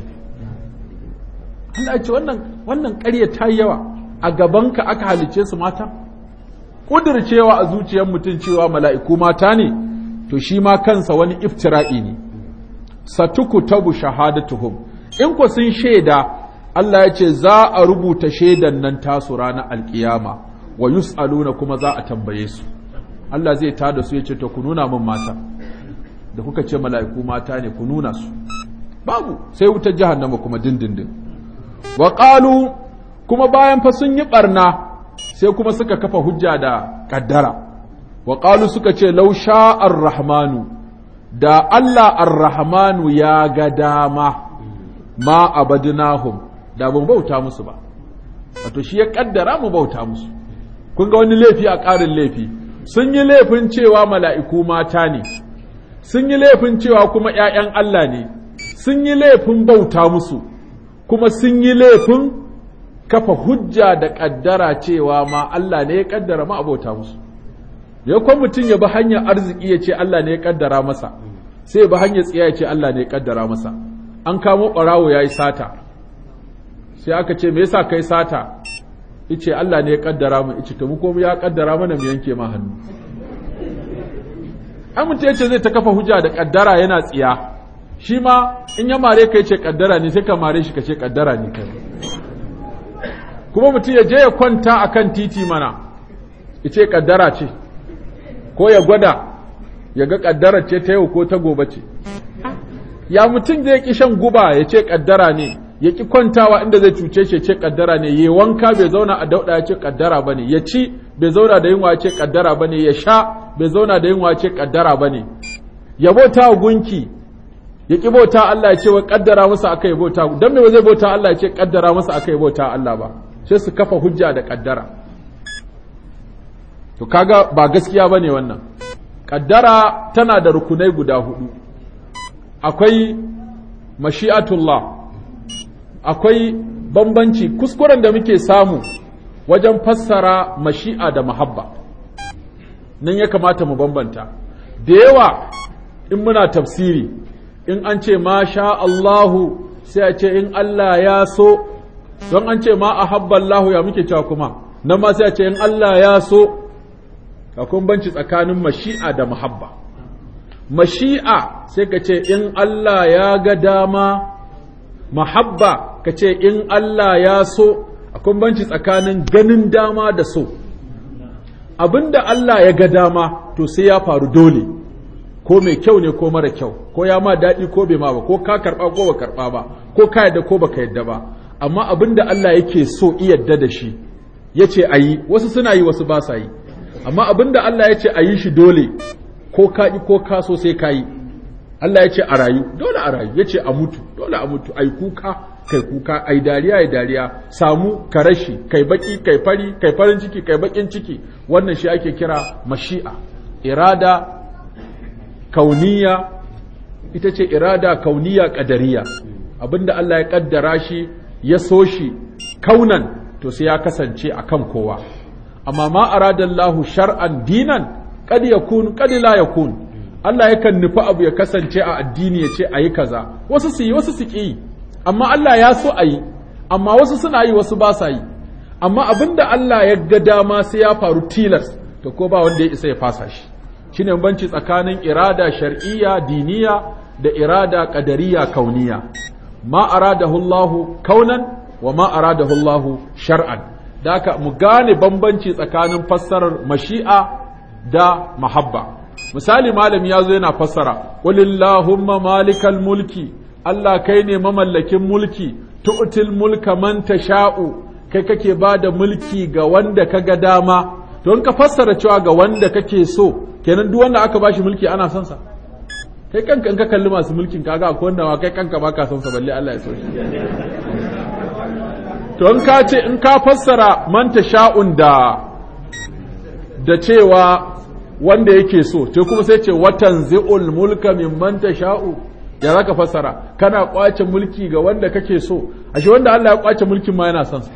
Allah ya ce wannan ƙarya ta yawa, a gabanka aka halicce su mata? cewa a zuciyar mutum cewa mala'iku mata ne, to shi ma kansa wani iftira'i ne. Satuku tabu shahadatuhum in ku sun shaida Allah ya ce za a rubuta shaidan nan tasu ranar alkiyama wa yus'aluna kuma za a tambaye su Allah zai ta da su ya ce ta ku nuna min mata da kuka ce mala'iku mata ne ku nuna su babu sai wutar jahannama kuma dindindin wa qalu kuma bayan fa sun yi barna sai kuma suka kafa hujja da kaddara wa qalu suka ce law sha'ar rahmanu da Allah ar-rahmanu ya ga dama ma abadnahum da mu bauta musu ba wato shi ya kaddara mu bauta musu kun ga wani laifi a ƙarin laifi sun yi laifin cewa mala'iku mata ne sun yi laifin cewa kuma ‘ya'yan Allah ne sun yi laifin bauta musu kuma sun yi laifin kafa hujja da ƙaddara cewa ma Allah ne ya ƙaddara ma bauta musu ya kwa mutum ya bi hanyar arziki ya ce Allah ne ya ƙaddara masa sai ya bi hanyar tsiya ya ce Allah ne ya ƙaddara masa an kamo ɓarawo ya yi sata sai aka ce me yasa kai sata ice Allah ne ya kaddara mu ice to mu ko ya kaddara mana mu yanke ma hannu an mutum yace zai ta kafa hujja da kaddara yana tsiya shi ma in ya mare ka yace kaddara ne sai ka mare shi kace ce kaddara ne kai kuma mutum ya je ya kwanta akan titi mana ice kaddara ce ko ya gwada ya ga kaddara ce ta yau ko ta gobe ce ya mutum zai ki shan guba yace kaddara ne ya ki kwantawa inda zai cuce shi ce kaddara ne ya wanka bai zauna a dauɗa ya ce kaddara bane ya ci bai zauna da yunwa ce kaddara bane ya sha bai zauna da yunwa ce kaddara bane ya bauta gunki ya ki bauta Allah ya ce wa kaddara masa yi bauta don me zai bauta Allah ya ce kaddara masa yi bauta Allah ba sai su kafa hujja da kaddara to kaga ba gaskiya ba ne wannan kaddara tana da rukunai guda hudu akwai mashi'atullah akwai bambanci kuskuren da muke samu wajen fassara mashi'a da mahabba nan ya kamata mu bambanta da yawa in muna tafsiri in an ce ma sha Allahu sai a ce in Allah ya so don an ce ma a habba Allahu ya muke cewa kuma nan ma sai a ce in Allah ya so akwai banci tsakanin mashi'a da mahabba mashi'a sai ka ce in Allah ya ga dama mahabba ka ce in Allah ya so a kumbanci tsakanin ganin dama da so abinda Allah ya ga dama to sai ya faru dole ko mai kyau ne ko mara kyau ko ya ma daɗi ko bai ma ba ko ka karɓa ko ba karɓa ba ko ka yadda ko ka yadda ba amma abinda Allah yake so iyadda da shi ya ce a yi wasu suna yi wasu ba sa yi amma abinda Allah ya ce a yi shi dole ko ka yi ko ka so sai ka yi Allah ya ce a rayu dole a rayu ya ce a mutu dole a mutu a yi kuka kai kuka ai dariya ai dariya samu ka rashi kai baki kai fari kai farin ciki kai bakin ciki wannan shi ake kira mashi'a irada kauniya ita ce irada kauniya kadariya abinda Allah ya kaddara shi ya so shi kaunan to sai ya kasance akan kowa amma ma aradallahu shar'an dinan kad yakun kad la yakun Allah yakan nufi abu ya kasance a addini ya ce ayi kaza wasu su yi wasu su ki amma Allah ya so a yi amma wasu suna yi wasu ba sa yi amma abin da Allah ya ga dama sai ya faru tilas to ko ba wanda ya isa ya fasa shi shine banci tsakanin irada shar'iyya diniya da irada ƙadariya kauniya ma aradahu hullahu kaunan wa ma aradahu hullahu shar'an da haka mu gane bambanci tsakanin fassarar mashi'a da mahabba misali malami ya zo yana fassara qulillahumma malikal mulki Allah kai ne mamallakin mulki tu'til mulka man tasha'u kai kake ba da mulki ga wanda ka ga dama don ka fassara cewa ga wanda kake so kenan duk wanda aka bashi mulki ana son sa kai kanka in ka kalli masu mulkin kaga akwai wanda ma kai kanka ba ka son sa balle Allah ya so shi to in ka ce in ka fassara man tasha'un da da cewa wanda yake so to kuma sai ce watan zi'ul mulka mimman tasha'u ya ka fassara kana kwace mulki ga wanda kake so ashe wanda Allah ya kwace mulkin ma yana son sa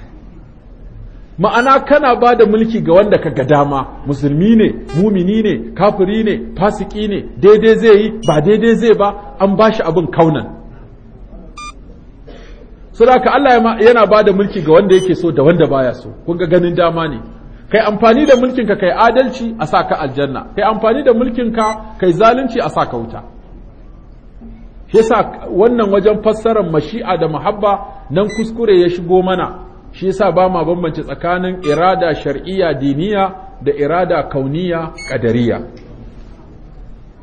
ma'ana kana ba da mulki ga wanda ka ga dama musulmi ne mumini ne kafiri ne fasiki ne daidai zai yi ba daidai zai ba an ba shi abin kaunan saboda Allah yana ba da mulki ga wanda yake so da wanda baya so kun ga ganin dama ne kai amfani da mulkinka kai adalci a sa ka aljanna kai amfani da mulkinka kai zalunci a sa ka wuta yasa wannan wajen fassarar mashi'a da muhabba nan kuskure ya shigo mana shi yasa ba ma bambance tsakanin irada shar'iyya diniya da irada kauniya qadariya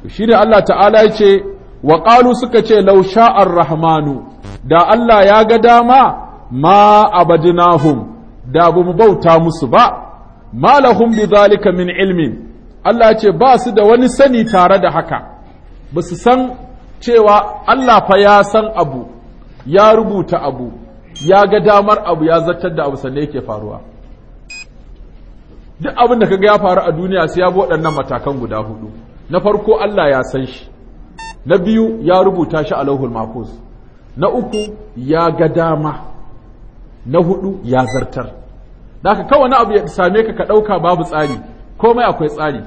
shi da Allah ta'ala ya ce wa qalu suka ce law sha'ar rahmanu da Allah ya ga dama ma abadnahum da ba mu bauta musu ba malahum bi zalika min ilmin Allah ya ce ba su da wani sani tare da haka ba su san cewa Allah fa ya san abu ya rubuta abu ya ga damar abu ya zartar da abu sannan yake faruwa duk abin da kaga ya faru a duniya sai ya bi waɗannan matakan guda hudu na farko Allah ya san shi na biyu ya rubuta shi a lauhul mahfuz na uku ya ga dama na hudu ya zartar ka kawana abu ya same ka ka ɗauka babu tsari komai akwai tsari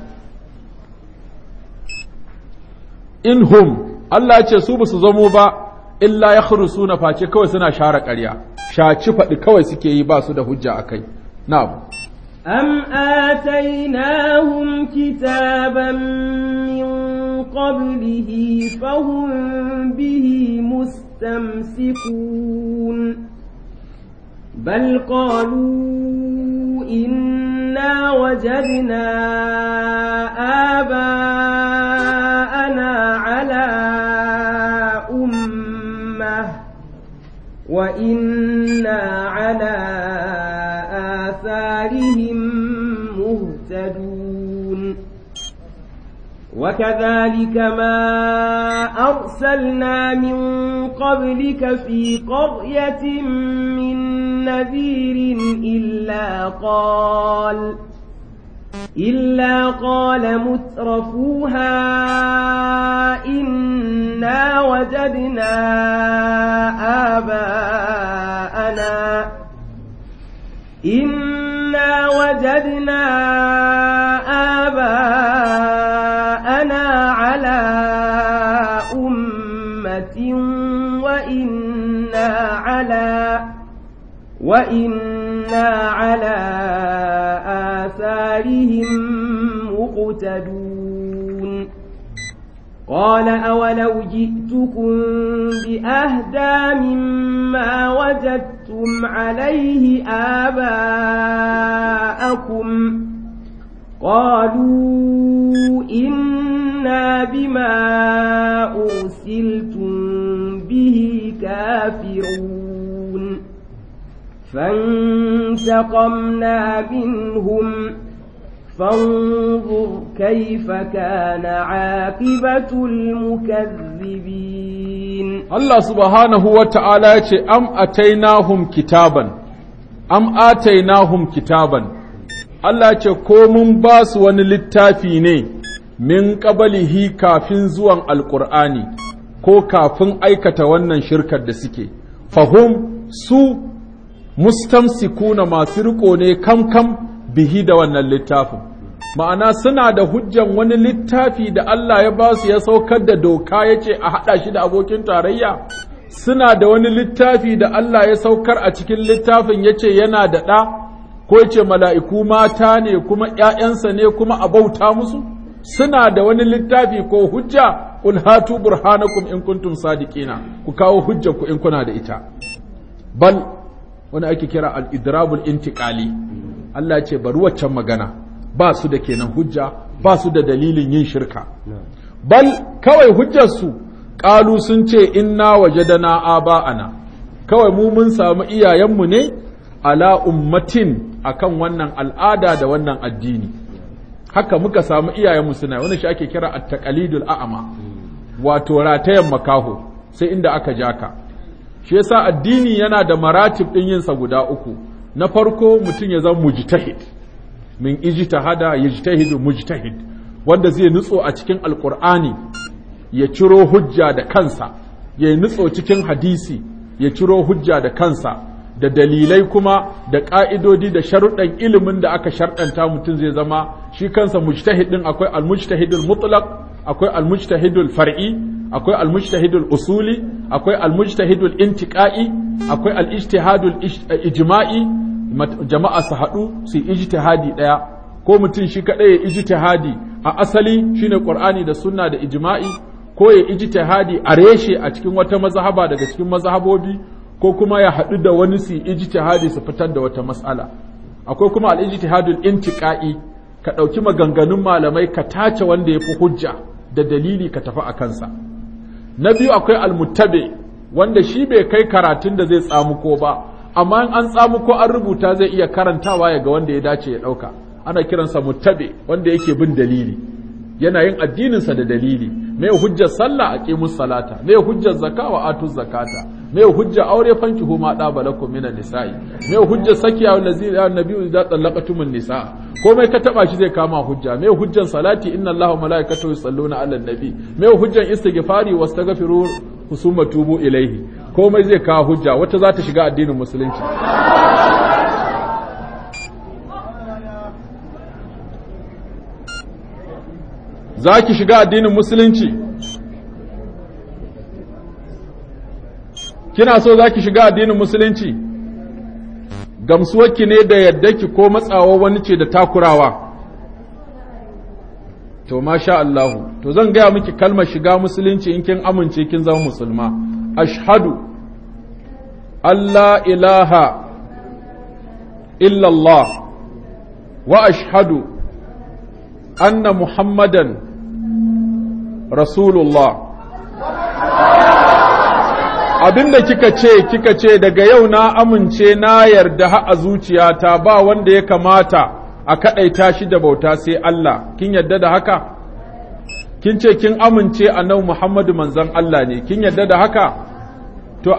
in home Allah ce su ba su zamo ba illa ya khurusu na face kawai suna share ƙarya shaci faɗi kawai suke yi ba su da hujja a kai na'am am atainahum kitaban min qablihi fahum bihi mustamsikun بل قالوا إنا وجدنا آباءنا على أمة وإنا على آثارهم وكذلك ما أرسلنا من قبلك في قرية من نذير إلا قال إلا قال مترفوها إنا وجدنا آباءنا إنا وجدنا آباءنا عَلَى أُمَّةٍ وَإِنَّا عَلَى وَإِنَّا عَلَى آثَارِهِم مُقْتَدُونَ قَالَ أَوَلَوْ جِئْتُكُم بِأَهْدَى مِمَّا وَجَدتُّمْ عَلَيْهِ آبَاءَكُمْ قَالُوا وكنا بما أرسلتم به كافرون فانتقمنا منهم فانظر كيف كان عاقبة المكذبين الله سبحانه وتعالى أم أتيناهم كتابا أم آتيناهم كتابا Allah ce ko mun ba su wani littafi ne min ƙabalihi kafin zuwan Alƙur'ani ko kafin aikata wannan shirkar da suke fahum su mustamsikuna masu riko ne kamkam bihi da wannan littafin ma'ana suna da hujjan wani littafi da Allah ya ba su ya saukar da doka ya ce a haɗa shi da abokin tarayya suna da wani littafi da Allah ya saukar a cikin littafin ya ce yana da ɗa ko ya ce mala'iku mata ne kuma ‘ya'yansa ne kuma a bauta musu suna da wani littafi ko hujja ulhatu, hatu burhanakum in kuntum sadiqina ku kawo hujjar ku in kuna da ita bal wani ake kira al-idrabul intiqali Allah ce bari waccan magana ba su da kenan hujja ba su da dalilin yin shirka bal kawai hujjar su ƙalu sun ce inna wajadana aba'ana kawai mu mun samu iyayenmu ne ala ummatin akan wannan al'ada da wannan addini haka muka samu iyayen suna wani shi ake kira at-taqalidul a'ama wato ratayen makaho sai inda aka ja ka shi yasa addini yana da maratib din yin sa guda uku na farko mutum ya zama mujtahid min ijtihada yajtahidu mujtahid wanda zai nutso a cikin alqur'ani ya ciro hujja da kansa ya nutso cikin hadisi ya ciro hujja da kansa da dalilai kuma da ƙa'idodi da sharuɗan ilimin da aka sharɗanta mutum zai zama shi kansa mujtahidin akwai almujtahidul mutlaq akwai almujtahidul far'i akwai almujtahidul usuli akwai almujtahidul intiqa'i akwai alijtihadul eh, ijma'i jama'a su haɗu su ijtihadi ɗaya ko mutum shi kaɗai ya ijtihadi a asali shine qur'ani da sunna da ijma'i ko ya ijtihadi a reshe a cikin wata mazhaba daga cikin mazhabobi ko kuma ya haɗu da wani su ijtihadi su fitar da wata mas'ala akwai kuma al-ijtihadul intiqai ka ɗauki maganganun malamai ka tace wanda ya fi hujja da dalili ka tafi a kansa na biyu akwai al-muttabi wanda shi bai kai karatun da zai tsamu ko ba amma in an tsamu ko an rubuta zai iya karantawa ya ga wanda ya dace ya ɗauka ana kiransa muttabi wanda yake bin dalili yana yin addininsa da dalili mai hujjar sallah a aqimus salata mai hujjar Zakawa wa atuz zakata me hujjar aure fanki ma da balakum minan nisa'i me hujjar sakiya allazi ya nabiyyu idza talaqatumun nisa komai ka taba shi zai kama hujja mai hujjar salati inna allaha na yusalluna ala nabi me hujjar istighfari wastaghfiru husuma tubu ilaihi komai zai kawo hujja wata za ta shiga addinin musulunci za ki shiga addinin musulunci kina so za ki shiga addinin musulunci gamsuwarki ne da yadda ki ko matsawa wani ce da takurawa to masha Allahu to zan gaya miki kalmar shiga musulunci in kin amince kin zama musulma ashhadu Allah ilaha illallah wa ashhadu anna muhammadan rasulullah abin da kika ce kika ce daga yau na amince na yarda ha'a zuciyata ba wanda ya kamata a kadaita shi da bauta sai Allah kin yarda da haka kin ce kin amince a nan Muhammadu manzan Allah ne kin yarda da haka to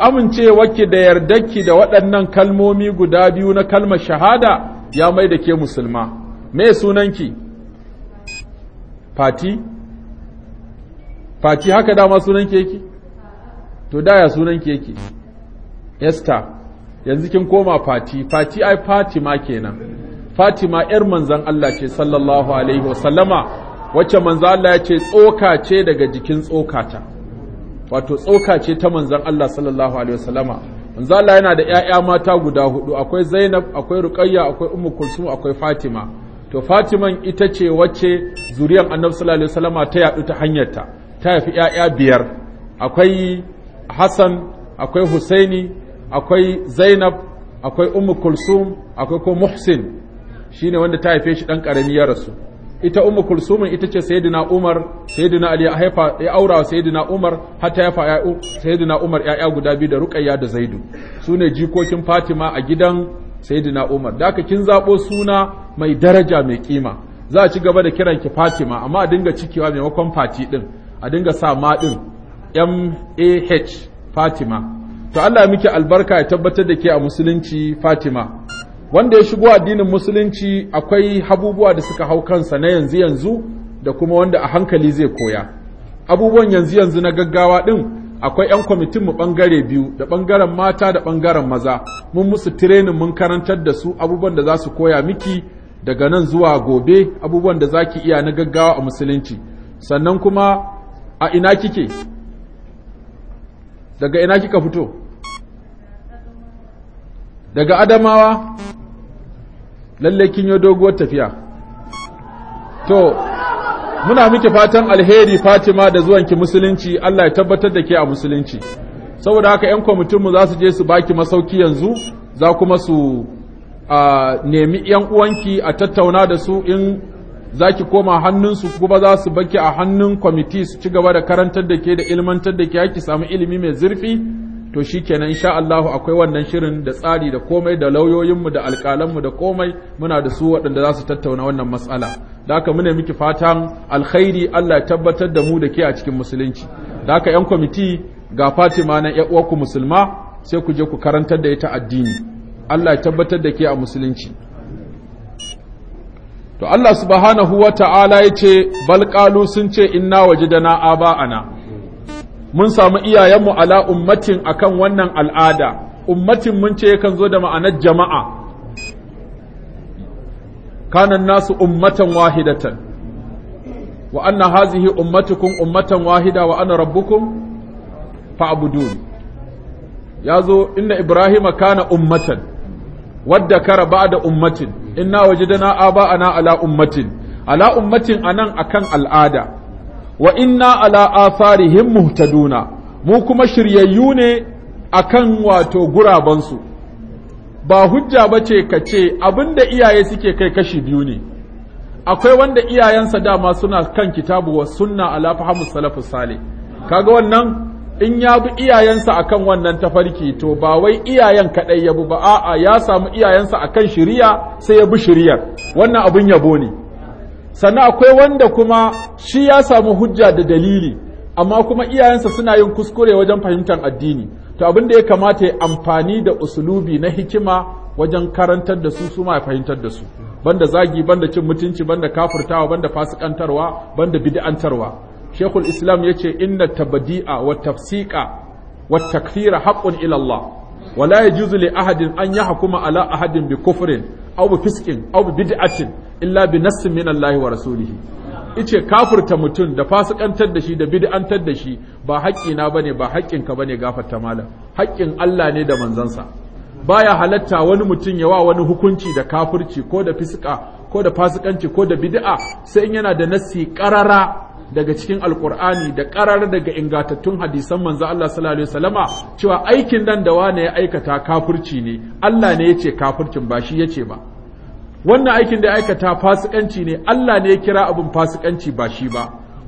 wake da ki da waɗannan kalmomi guda biyu na kalmar shahada ya mai da ke musulma me sunanki fati faci haka dama sunan ki yake to daya sunan ki yake esther yanzu kin koma fati fati ai fatima kenan fatima yar manzon Allah ce sallallahu alaihi wasallama wacce manzon Allah ya ce tsoka ce daga jikin tsokata wato tsoka ce ta manzon Allah sallallahu alaihi wasallama manzon Allah yana da ƴaƴa mata guda hudu akwai Zainab akwai Ruqayya akwai Ummu Kulsum akwai Fatima to Fatiman ita ce wacce zuriyar Annabi sallallahu alaihi wasallama ta yadu ta hanyarta ta haifi ‘ya'ya biyar akwai Hassan akwai Husaini akwai Zainab akwai Ummu Kulsum akwai ko Muhsin shine wanda ta haife shi ɗan karami ya rasu ita Ummu Kulsum ita ce Sayyidina Umar Sayyidina Ali haifa ya aura Sayyidina Umar har ta haifa Sayyidina Umar ‘ya'ya guda biyu da Ruqayya da Zaidu sune jikokin Fatima a gidan Sayyidina Umar da kin zabo suna mai daraja mai kima za a ci gaba da kiranki Fatima amma a dinga cikewa maimakon Fati din a dinga sa ma din mah fatima to Allah ya miki albarka ya tabbatar da ke a musulunci fatima wanda ya shigo addinin musulunci akwai abubuwa da suka hau kansa na yanzu yanzu da kuma wanda a hankali zai koya abubuwan yanzu yanzu na gaggawa din akwai 'yan kwamitin mu bangare biyu da bangaren mata da bangaren maza mun musu tirenin mun karantar da su abubuwan da za su koya miki daga nan zuwa gobe abubuwan da zaki iya na gaggawa a musulunci sannan kuma a ina kike daga ina kika fito daga adamawa lalle kin yi doguwar tafiya to muna miki fatan alheri fatima da zuwanki musulunci allah ya tabbatar da ke a musulunci saboda haka 'yan kwamitinmu za su je su baki masauki yanzu za kuma su nemi 'yan uwanki a tattauna da su in za ki koma hannunsu kuma za su baki a hannun kwamiti su ci gaba da karantar da ke da ilmantar da ke ki samu ilimi mai zurfi to shi kenan insha Allahu akwai wannan shirin da tsari da komai da lauyoyinmu da alƙalanmu da komai muna da su waɗanda za su tattauna wannan matsala da haka muna miki fatan alkhairi Allah ya tabbatar da mu da ke a cikin musulunci da haka yan kwamiti ga Fatima na ƴan uwarku musulma sai ku je ku karantar da ita addini Allah ya tabbatar da ke a musulunci to Allah subhanahu wa ta'ala ya ce balƙalu sun ce inna wajidana ana, mun samu iyayenmu ala ummatin akan wannan al'ada ummatin mun ce yakan zo da ma'anar jama'a kanan nasu ummatan wahidatan wa anna hazihi ummatukum ummatan wahida wa ana rabbukum fa'budun ya zo inna ibrahima kana ummatan wadda kara da ummatin inna wajadana aba'ana ala ummatin ala ummatin anan akan al'ada wa inna ala atharihim muhtaduna mu kuma shiryayyu ne akan wato gurabansu ba hujja bace kace abinda iyaye suke kai kashi biyu ne akwai wanda iyayensa dama suna kan kitabu wa sunna ala fahimus salafus salih kaga wannan in ya bi iyayensa akan wannan tafarki to ba wai iyayen kaɗai ya bi ba a'a ya samu iyayensa akan shiriya sai ya bi shiriyar wannan abin yabo ne sannan akwai wanda kuma shi ya samu hujja da dalili amma kuma iyayensa suna yin kuskure wajen fahimtar addini to abin da ya kamata ya amfani da usulubi na hikima wajen karantar da su su ma fahimtar da su banda zagi banda cin mutunci banda kafurtawa banda fasikantarwa banda bid'antarwa shekul islam ya ce inna tabadi'a wa tafsiƙa wa takfira haƙƙun ilallah wala ya juzu li ahadin an yi hakuma ala ahadin bi kufrin au bi fiskin au bi bid'atin illa bi nassin min Allah wa rasulihi ice kafurta mutum da fasikantar da shi da bid'antar da shi ba na bane ba haƙƙinka bane gafarta malam haƙƙin Allah ne da manzansa baya halatta wani mutum ya wa wani hukunci da kafurci, ko da fiska ko da fasikanci ko da bid'a sai in yana da nassi qarara daga cikin alkur'ani da karar daga ingantattun hadisan manzo Allah sallallahu alaihi wasallama cewa aikin nan da wane ya aikata kafirci ne Allah ne yace kafircin ba shi yace ba wannan aikin da aikata fasikanci ne Allah ne ya kira abin fasikanci ba shi ba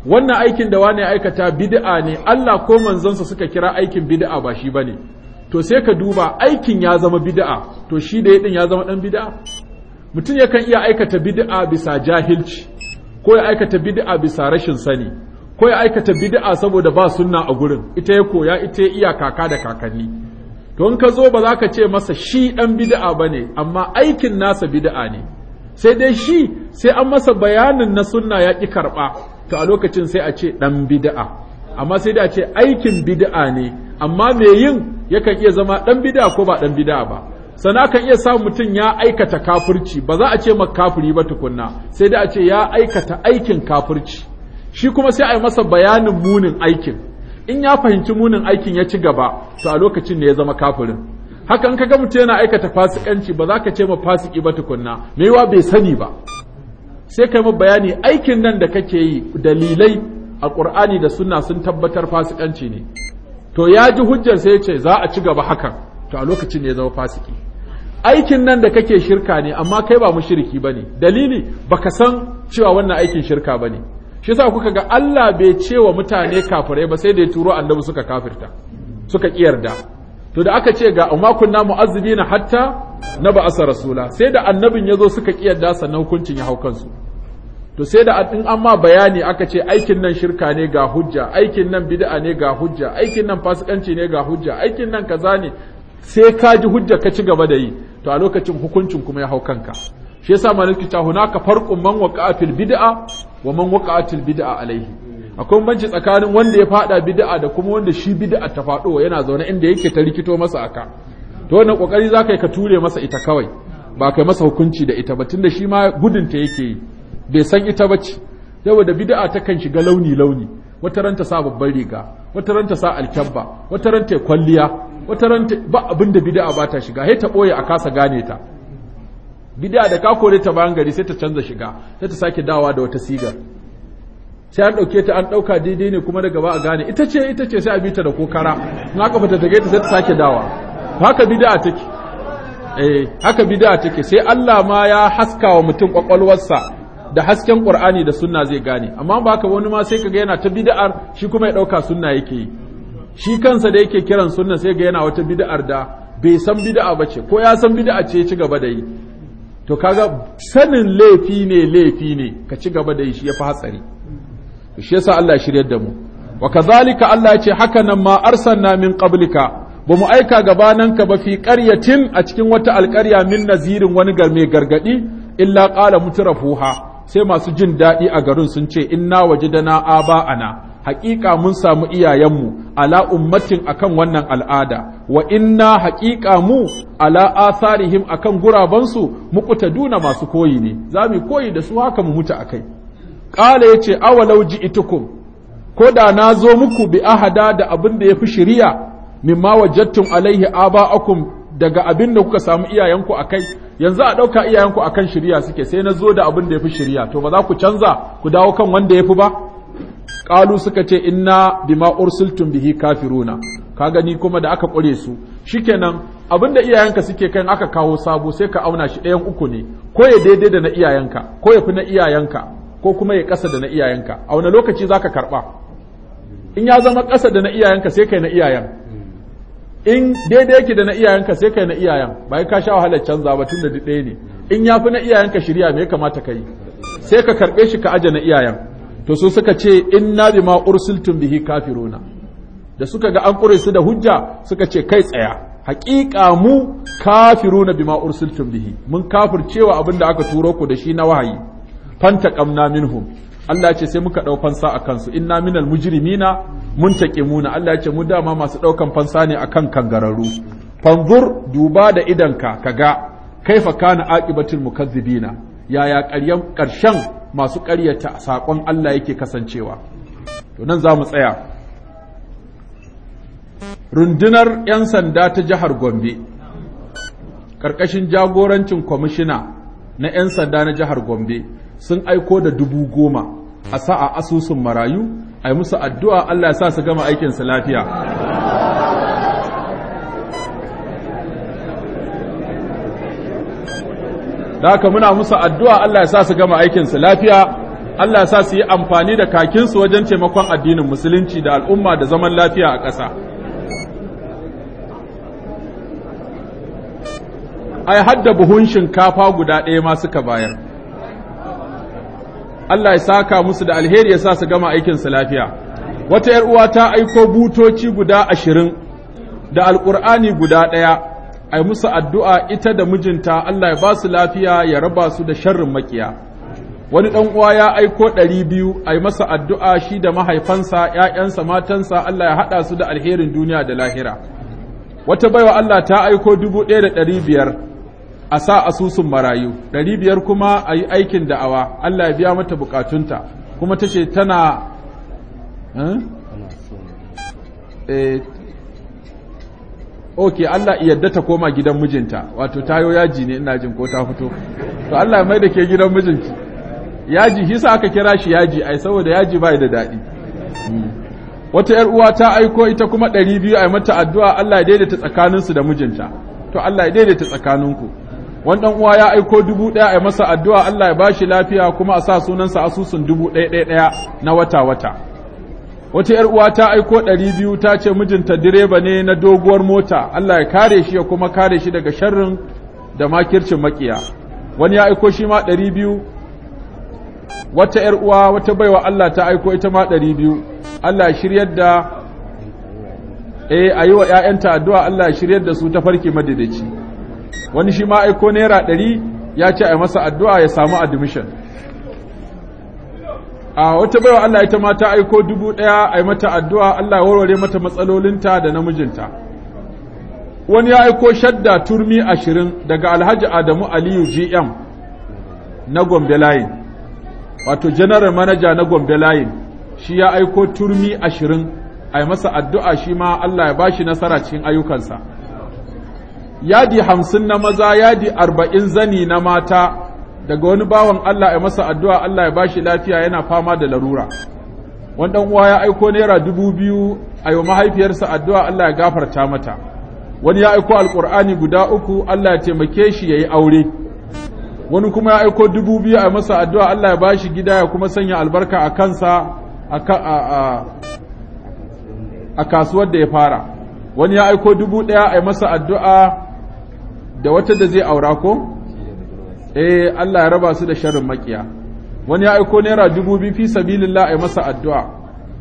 wannan aikin da wane ya aikata bid'a ne Allah ko manzonsa suka kira aikin bid'a ba shi bane to sai ka duba aikin ya zama bid'a to shi da ya din ya zama dan bid'a mutum yakan iya aikata bid'a bisa jahilci ko ya aikata bid'a bisa rashin sani ko ya aikata bid'a saboda ba sunna a gurin ita ya koya ita ya iya kaka da kakanni to in ka zo ba za ka ce masa shi dan bid'a bane amma aikin nasa bid'a ne sai dai shi sai an masa bayanin na sunna ya ki karba to a lokacin sai a ce dan bid'a amma sai dai a ce aikin bid'a ne amma me yin yakan iya zama dan bid'a ko ba dan bid'a ba sana kan iya samun mutum ya aikata kafirci ba za a ce maka kafiri ba tukunna sai dai a ce ya aikata aikin kafirci shi kuma sai a yi masa bayanin munin aikin in ya fahimci munin aikin ya ci gaba to a lokacin ne ya zama kafirin hakan ga mutum yana aikata fasikanci ba za ka ce ma fasiki ba tukunna maiwa bai sani ba sai kai ma bayani aikin nan da kake yi dalilai a da Sunna sun tabbatar fasikanci ne to ya ji hujjar sai ya ce za a ci gaba hakan to a lokacin ne ya zama fasiki aikin nan da kake shirka ne amma kai ba mushriki bane dalili baka san cewa wannan aikin shirka bane shi yasa kuka ga Allah bai cewa mutane kafirai ba sai da ya turo annabi suka kafirta suka kiyarda to da aka ce ga umma kunna mu'azzibina hatta na ba'asa rasula sai da annabin ya zo suka kiyarda sannan hukuncin ya hau kansu to sai da in an ma bayani aka ce aikin nan shirka ne ga hujja aikin nan bid'a ne ga hujja aikin nan fasikanci ne ga hujja aikin nan kaza ne sai ka ji hujja ka ci gaba da yi to a lokacin hukuncin kuma ya hau kanka shi yasa malaki ta hunaka farqun man waqa'atil bid'a wa man waqa'atil bid'a alaihi akwai banci tsakanin wanda ya fada bid'a da kuma wanda shi bid'a ta fado yana zaune inda yake ta rikito masa aka to wannan kokari zaka yi ka ture masa ita kawai ba kai masa hukunci da ita ba tunda shi ma gudun ta yake yi bai san ita ba ce saboda bid'a ta kan shiga launi launi wata ranta sa babban riga wata ranta sa alkyabba wata ranta kwalliya wata ranta ba abin da bid'a ba ta shiga he ta boye a kasa gane ta bid'a da ka kore ta bayan gari sai ta canza shiga sai ta sake dawa da wata sigar sai an dauke ta an dauka daidai ne kuma daga ba a gane ita ce ita ce sai a bita da kokara Na aka fita daga ta sai ta sake dawa haka bid'a take eh haka bid'a take sai Allah ma ya haska wa mutum kwakwalwarsa da hasken Qur'ani da sunna zai gane amma ba ka wani ma sai kaga yana ta bid'ar shi kuma ya ɗauka sunna yake yi shi kansa da yake kiran sunna sai ga yana wata bid'ar da bai san bid'a ba ce ko ya san bida'a ce ci gaba da yi to kaga sanin laifi ne laifi ne ka ci gaba da yi shi ya fi hatsari to shi yasa Allah ya shiryar da mu wa kazalika Allah ya ce haka nan ma arsalna min qablika ba mu aika ka ba fi tin a cikin wata alkarya min nazirin wani mai gargadi illa qala mutrafuha sai masu jin daɗi a garin sun ce inna wajidana aba'ana haƙiƙa mun samu iyayenmu ala ummatin akan wannan al'ada wa inna haƙiƙa mu ala asarihim akan gurabansu muƙutaduna masu koyi ne za mu koyi da su haka mu mutu akai qala yace awalau Itukun. ko da na zo muku bi ahada da abin da ya yafi shiriya mimma wajattun alaihi aba'akum daga abin da kuka samu iyayenku akai yanzu a ɗauka iyayenku akan shari'a suke sai na zo da abin da ya fi shirya to ba za ku canza ku dawo kan wanda ya fi ba ƙalu suka ce inna bima ursiltum bihi kafiruna ka gani kuma da aka kware su shikenan abin da iyayenka suke kan aka kawo sabo sai ka auna shi ɗayan uku ne ko ya daidai da na iyayenka ko ya fi na iyayenka ko kuma ya kasa da na iyayenka a wani lokaci zaka ka karɓa in ya zama kasa da na iyayenka sai kai na iyayen in daidai yake da na iyayenka sai kai na iyayen ba ka sha wahalar canza ba tun da duk ɗaya ne in ya fi na iyayenka shirya me ya kamata ka yi sai ka karɓe shi ka aje na iyayen to su suka ce in inna ma ursiltum bihi kafiruna da suka ga an ƙure su da hujja suka ce kai tsaya haƙiƙa mu kafiruna ma ursiltum bihi mun kafircewa abin da aka turo ku da shi na wahayi fanta ƙamna minhum Allah ce sai muka ɗau fansa a kansu inna minal mujrimina muna Allah ya ce mu dama masu ɗaukan fansa ne akan kangararru fanzur duba da idanka kaga kaifa kana aqibatul mukazzibina yaya ƙaryan ƙarshen masu ƙaryata saƙon Allah yake kasancewa to nan za mu tsaya rundunar 'yan sanda ta jihar Gombe ƙarƙashin jagorancin kwamishina na 'yan sanda na jihar Gombe sun aiko da dubu goma a sa'a asusun marayu a musu addu'a Allah ya sa su gama aikinsu lafiya da haka muna musu addu'a Allah ya sa su gama aikinsu lafiya Allah ya sa su yi amfani da kakinsu wajen taimakon addinin musulunci da al'umma da zaman lafiya a ƙasa ai hadda buhun shinkafa guda ɗaya ma suka bayar Allah ya saka musu da alheri ya sa su gama aikin su lafiya wata ‘yar uwa ta aiko butoci guda ashirin da alƙur'ani guda ɗaya ai musu addu'a ita da mijinta Allah ya ba su lafiya ya raba su da sharrin makiya wani ɗan uwa ya aiko ɗari biyu ai masa addu'a shi da mahaifansa ‘ya'yansa matansa Allah ya haɗa su da alherin duniya da lahira wata baiwa Allah ta aiko dubu ɗaya da ɗari biyar a sa asusun marayu ɗari biyar kuma a yi aikin da'awa Allah ya biya mata bukatunta kuma ta ce tana eh? Eh, ok Allah yadda ta koma gidan mijinta wato tayo yaji ne ina jin ko ta fito to Allah mai da ke gidan mijinta yaji hisa aka kira shi yaji ai saboda yaji bai da daɗi hmm. wata ‘yar uwa ta aiko ita kuma ɗari biyu a mata addu'a Allah ya daidaita tsakaninsu da mijinta, to Allah ya daidaita tsakaninku. wani dan uwa ya aiko dubu ɗaya a masa addu'a Allah ya bashi lafiya kuma a sa sunansa asusun dubu ɗaya ɗaya na wata wata wata ‘yar uwa ta aiko ɗari biyu ta ce mijinta direba ne na doguwar mota Allah ya kare shi ya kuma kare shi daga sharrin da makircin makiya wani ya aiko shi ma ɗari biyu wata ‘yar uwa wata baiwa Allah ta aiko ita ma ɗari biyu Allah ya shiryar da eh a yi wa ‘ya'yanta addu'a Allah ya shiryar da su ta farki madadaci wani shi ma aiko naira ɗari ya ce a masa addu'a ya samu admission a wata baiwa Allah ita ma ta aiko dubu ɗaya a yi mata addu'a Allah ya warware mata matsalolinta da namijinta wani ya aiko shadda turmi ashirin daga alhaji adamu aliyu gm na gombe layin wato general manaja na gombe layin shi ya aiko turmi ashirin a yi masa addu'a shi ma Allah ya ba shi nasara cikin ayyukansa yadi hamsin na maza yadi arba'in zani na mata daga wani bawan Allah ya masa addu'a Allah ya bashi lafiya yana fama da larura wani uwa ya aiko naira dubu biyu a yi mahaifiyarsa addu'a Allah ya gafarta mata wani ya aiko alƙur'ani guda uku Allah ya taimake shi ya yi aure wani kuma ya aiko dubu biyu a masa addu'a Allah ya bashi gida ya kuma sanya albarka a kansa a kasuwar da ya fara wani ya aiko dubu ɗaya a masa addu'a da wata da zai aura ko eh Allah ya raba su da sharrin makiya wani ya aiko naira dubu biyu fi sabilillah ai masa addu'a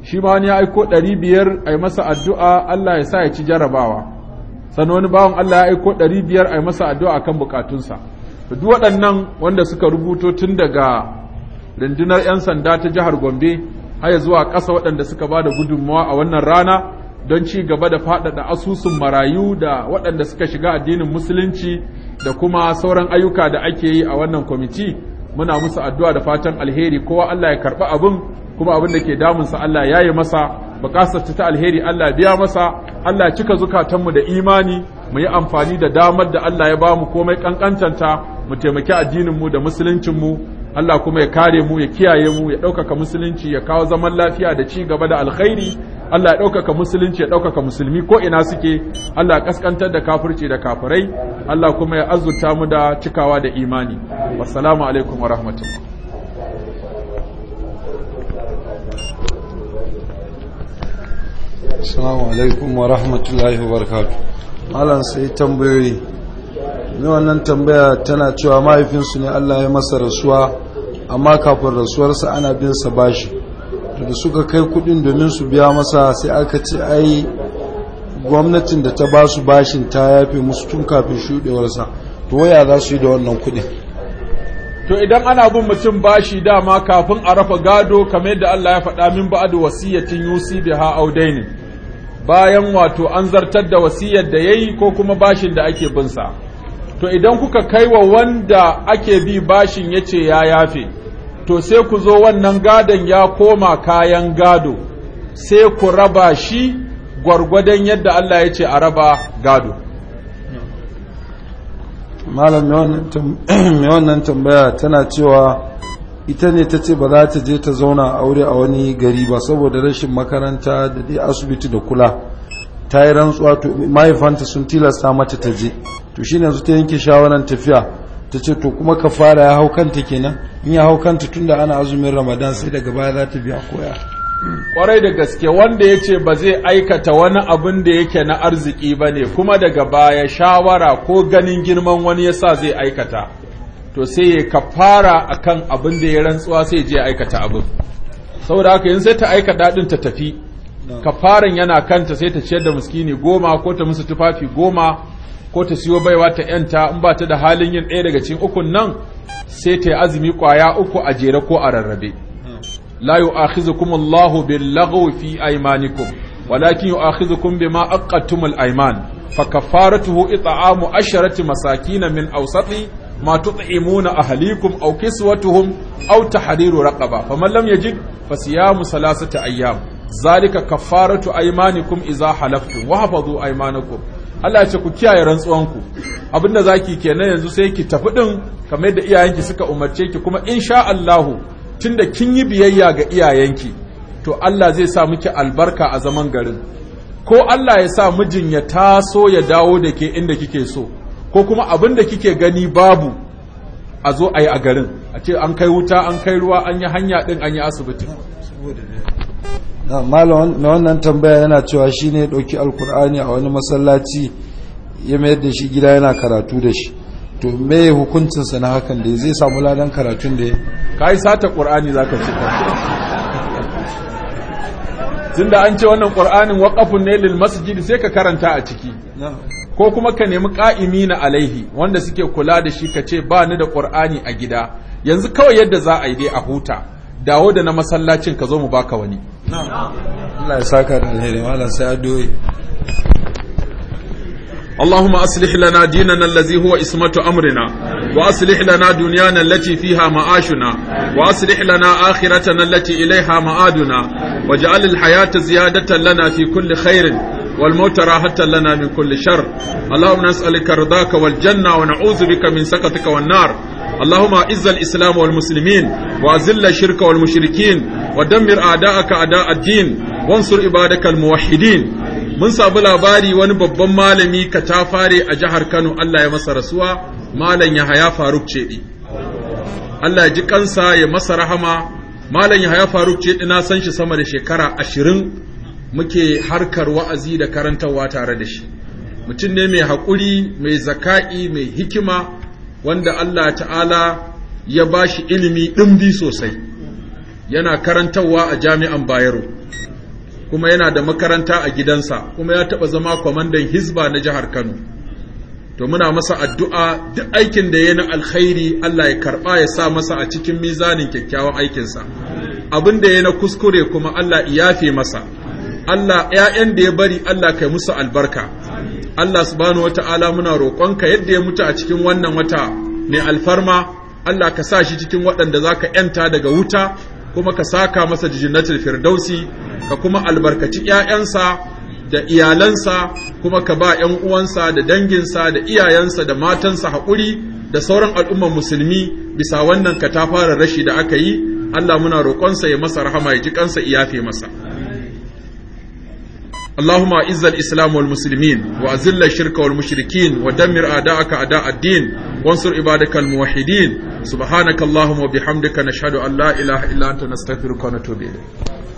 shi ma wani ya aiko ɗari biyar ai masa addu'a Allah ya sa ya ci jarabawa sannan wani bawan Allah ya aiko ɗari biyar ai masa addu'a kan bukatunsa duk waɗannan wanda suka rubuto tun daga rundunar 'yan sanda ta jihar Gombe har zuwa ƙasa waɗanda suka ba da gudunmawa a wannan rana don ci gaba da faɗaɗa asusun marayu da waɗanda suka shiga addinin musulunci da kuma sauran ayyuka da ake yi a wannan kwamiti muna musu addu'a da fatan alheri kowa Allah ya karɓi abin kuma abin da ke damunsa Allah ya yi masa bukasar ta alheri Allah biya masa Allah cika zukatanmu da imani mu yi amfani da damar da Allah ya ba mu komai kankantanta mu taimaki addininmu da musuluncinmu Allah kuma ya kare mu ya kiyaye mu ya ɗaukaka musulunci ya kawo zaman lafiya da ci gaba da alkhairi Allah ya ɗaukaka musulunci ya ɗaukaka musulmi ko ina suke Allah ya kaskantar da kafirci da kafirai Allah kuma ya azurta mu da cikawa da imani wassalamu alaikum wa rahmatullahi Assalamu alaikum wa rahmatullahi wa barakatu. Malam sai tambayoyi. Ni wannan tambaya tana cewa mahaifinsu ne Allah ya masa rasuwa, amma kafin rasuwarsa ana bin sa bashi. da suka kai kudin domin su biya masa sai aka ce ai gwamnatin da ta ba su bashin ta yafe musu tun kafin shudewarsa to waya za su yi da wannan kudin to idan ana bin mutum bashi dama kafin a rafa gado kamar yadda Allah ya faɗa min da wasiyatin yusi ha audaini bayan wato an zartar da wasiyar da yayi ko kuma bashin da ake bin sa to idan kuka kai wa wanda ake bi bashin ya ce ya yafe to sai ku zo wannan gadon ya koma kayan gado sai ku raba shi gwargwadon yadda Allah ya ce a raba gado malam mai wannan tambaya tana cewa ita ne ta ce ba za ta je ta zauna aure a wani gari ba saboda rashin makaranta da dai asibiti da kula ta yi rantsuwa to mahaifanta sun tilasta mata ta je to shi ne ta yanke shawarar tafiya ta ce to kuma ka fara ya hau kanta kenan in ya hau kanta tunda ana azumin ramadan sai daga baya za ta biya koya kwarai da gaske wanda ya ce ba zai aikata wani abin da yake na arziki ba ne kuma daga baya shawara ko ganin girman wani ya sa zai aikata to sai ya fara a kan abin da ya rantsuwa sai je aikata abin saboda haka yin sai ta aika daɗin ta tafi kafaran yana kanta sai ta ciyar da muskini goma ko ta musu tufafi goma ko ta siyo baiwa ta ‘yanta in ba ta da halin yin ɗaya daga cikin ukun nan sai ta yi azumi ƙwaya uku a jere ko a rarrabe. La yi akhizukum Allahu bil lagwi fi walakin yi akhizukum bima aqattumul aiman fa kafaratuhu it'amu asharati masakin min awsati ma tut'imuna ahlikum aw kiswatuhum aw tahriru raqaba faman lam yajid fasiyamu salasata ayyam zalika kafaratu aymanikum idza halaftum wa hafadhu aymanakum Allah ya ce ku kiyaye rantsuwanku abinda zaki kenan yanzu sai ki tafi din kamar yadda iyayenki suka umarce ki kuma insha Allah tunda kin yi biyayya ga iyayenki to Allah zai sa miki albarka a zaman garin ko Allah ya sa mijin ya taso ya dawo da ke inda kike so ko kuma abin da kike gani babu a zo a yi a garin a ce an kai wuta an kai ruwa an yi hanya din an yi asibiti malam wannan tambaya yana cewa shi ne ɗauki alkur'ani a wani masallaci ya mayar da shi gida yana karatu da shi to mai hukuncinsa na hakan da zai samu ladan karatun da ya ka yi sata ƙur'ani za ka ce tun da an ce wannan ƙur'anin waƙafin ne lil masjid sai ka karanta a ciki ko kuma ka nemi ƙa'imi na alaihi wanda suke kula da shi ka ce ba ni da ƙur'ani a gida yanzu kawai yadda za a yi dai a huta dawo da na masallacin ka zo mu baka wani Allah ya saka da alheri malam sai addu'o'i اللهم أصلح لنا ديننا الذي هو اسمة أمرنا وأصلح لنا دنيانا التي فيها معاشنا وأصلح لنا آخرتنا التي إليها معادنا واجعل الحياة زيادة لنا في كل خير والموت راحة لنا من كل شر اللهم نسألك رضاك والجنة ونعوذ بك من سخطك والنار اللهم اعز الاسلام والمسلمين واذل الشرك والمشركين ودمر اعداءك اعداء الدين وانصر عبادك الموحدين mun sabu labari wani babban malami katafare a jihar Kano Allah ya masa rasuwa malam Yahaya Faruk Cedi Allah ya ji kansa ya masa rahama malam Yahaya Faruk Cedi na san shi sama da shekara ashirin muke harkar wa'azi da karantarwa tare da shi mutum ne mai haƙuri mai zaka'i mai hikima wanda Allah ta'ala ya ba shi ilimi ɗimbi sosai yana karantarwa a jami'an bayero kuma yana da makaranta a gidansa kuma ya taɓa zama kwamandan hizba na jihar kano to muna masa addu'a duk aikin da ya na alkhairi Allah ya karɓa ya sa masa a cikin mizanin kyakkyawan aikinsa abin da ya na kuskure kuma Allah ya yafe masa Allah ‘ya'yan da ya bari Allah kai musu albarka, Allah subhanahu wata'ala muna roƙonka yadda ya mutu a cikin wannan wata ne alfarma Allah ka sa shi cikin waɗanda za ka ‘yanta daga wuta kuma ka saka masa jinnatul firdausi ka kuma albarkaci ‘ya'yansa da iyalansa kuma ka ba ‘yan uwansa da danginsa da iyayensa da matansa haƙuri da sauran al'ummar musulmi bisa wannan katafarar rashi da aka yi Allah muna roƙonsa ya masa rahama ya ji kansa iyafe masa. اللهم أعز الإسلام والمسلمين وأذل الشرك والمشركين ودمر أعداءك أعداء الدين وانصر عبادك الموحدين سبحانك اللهم وبحمدك نشهد أن لا إله إلا أنت نستغفرك ونتوب إليك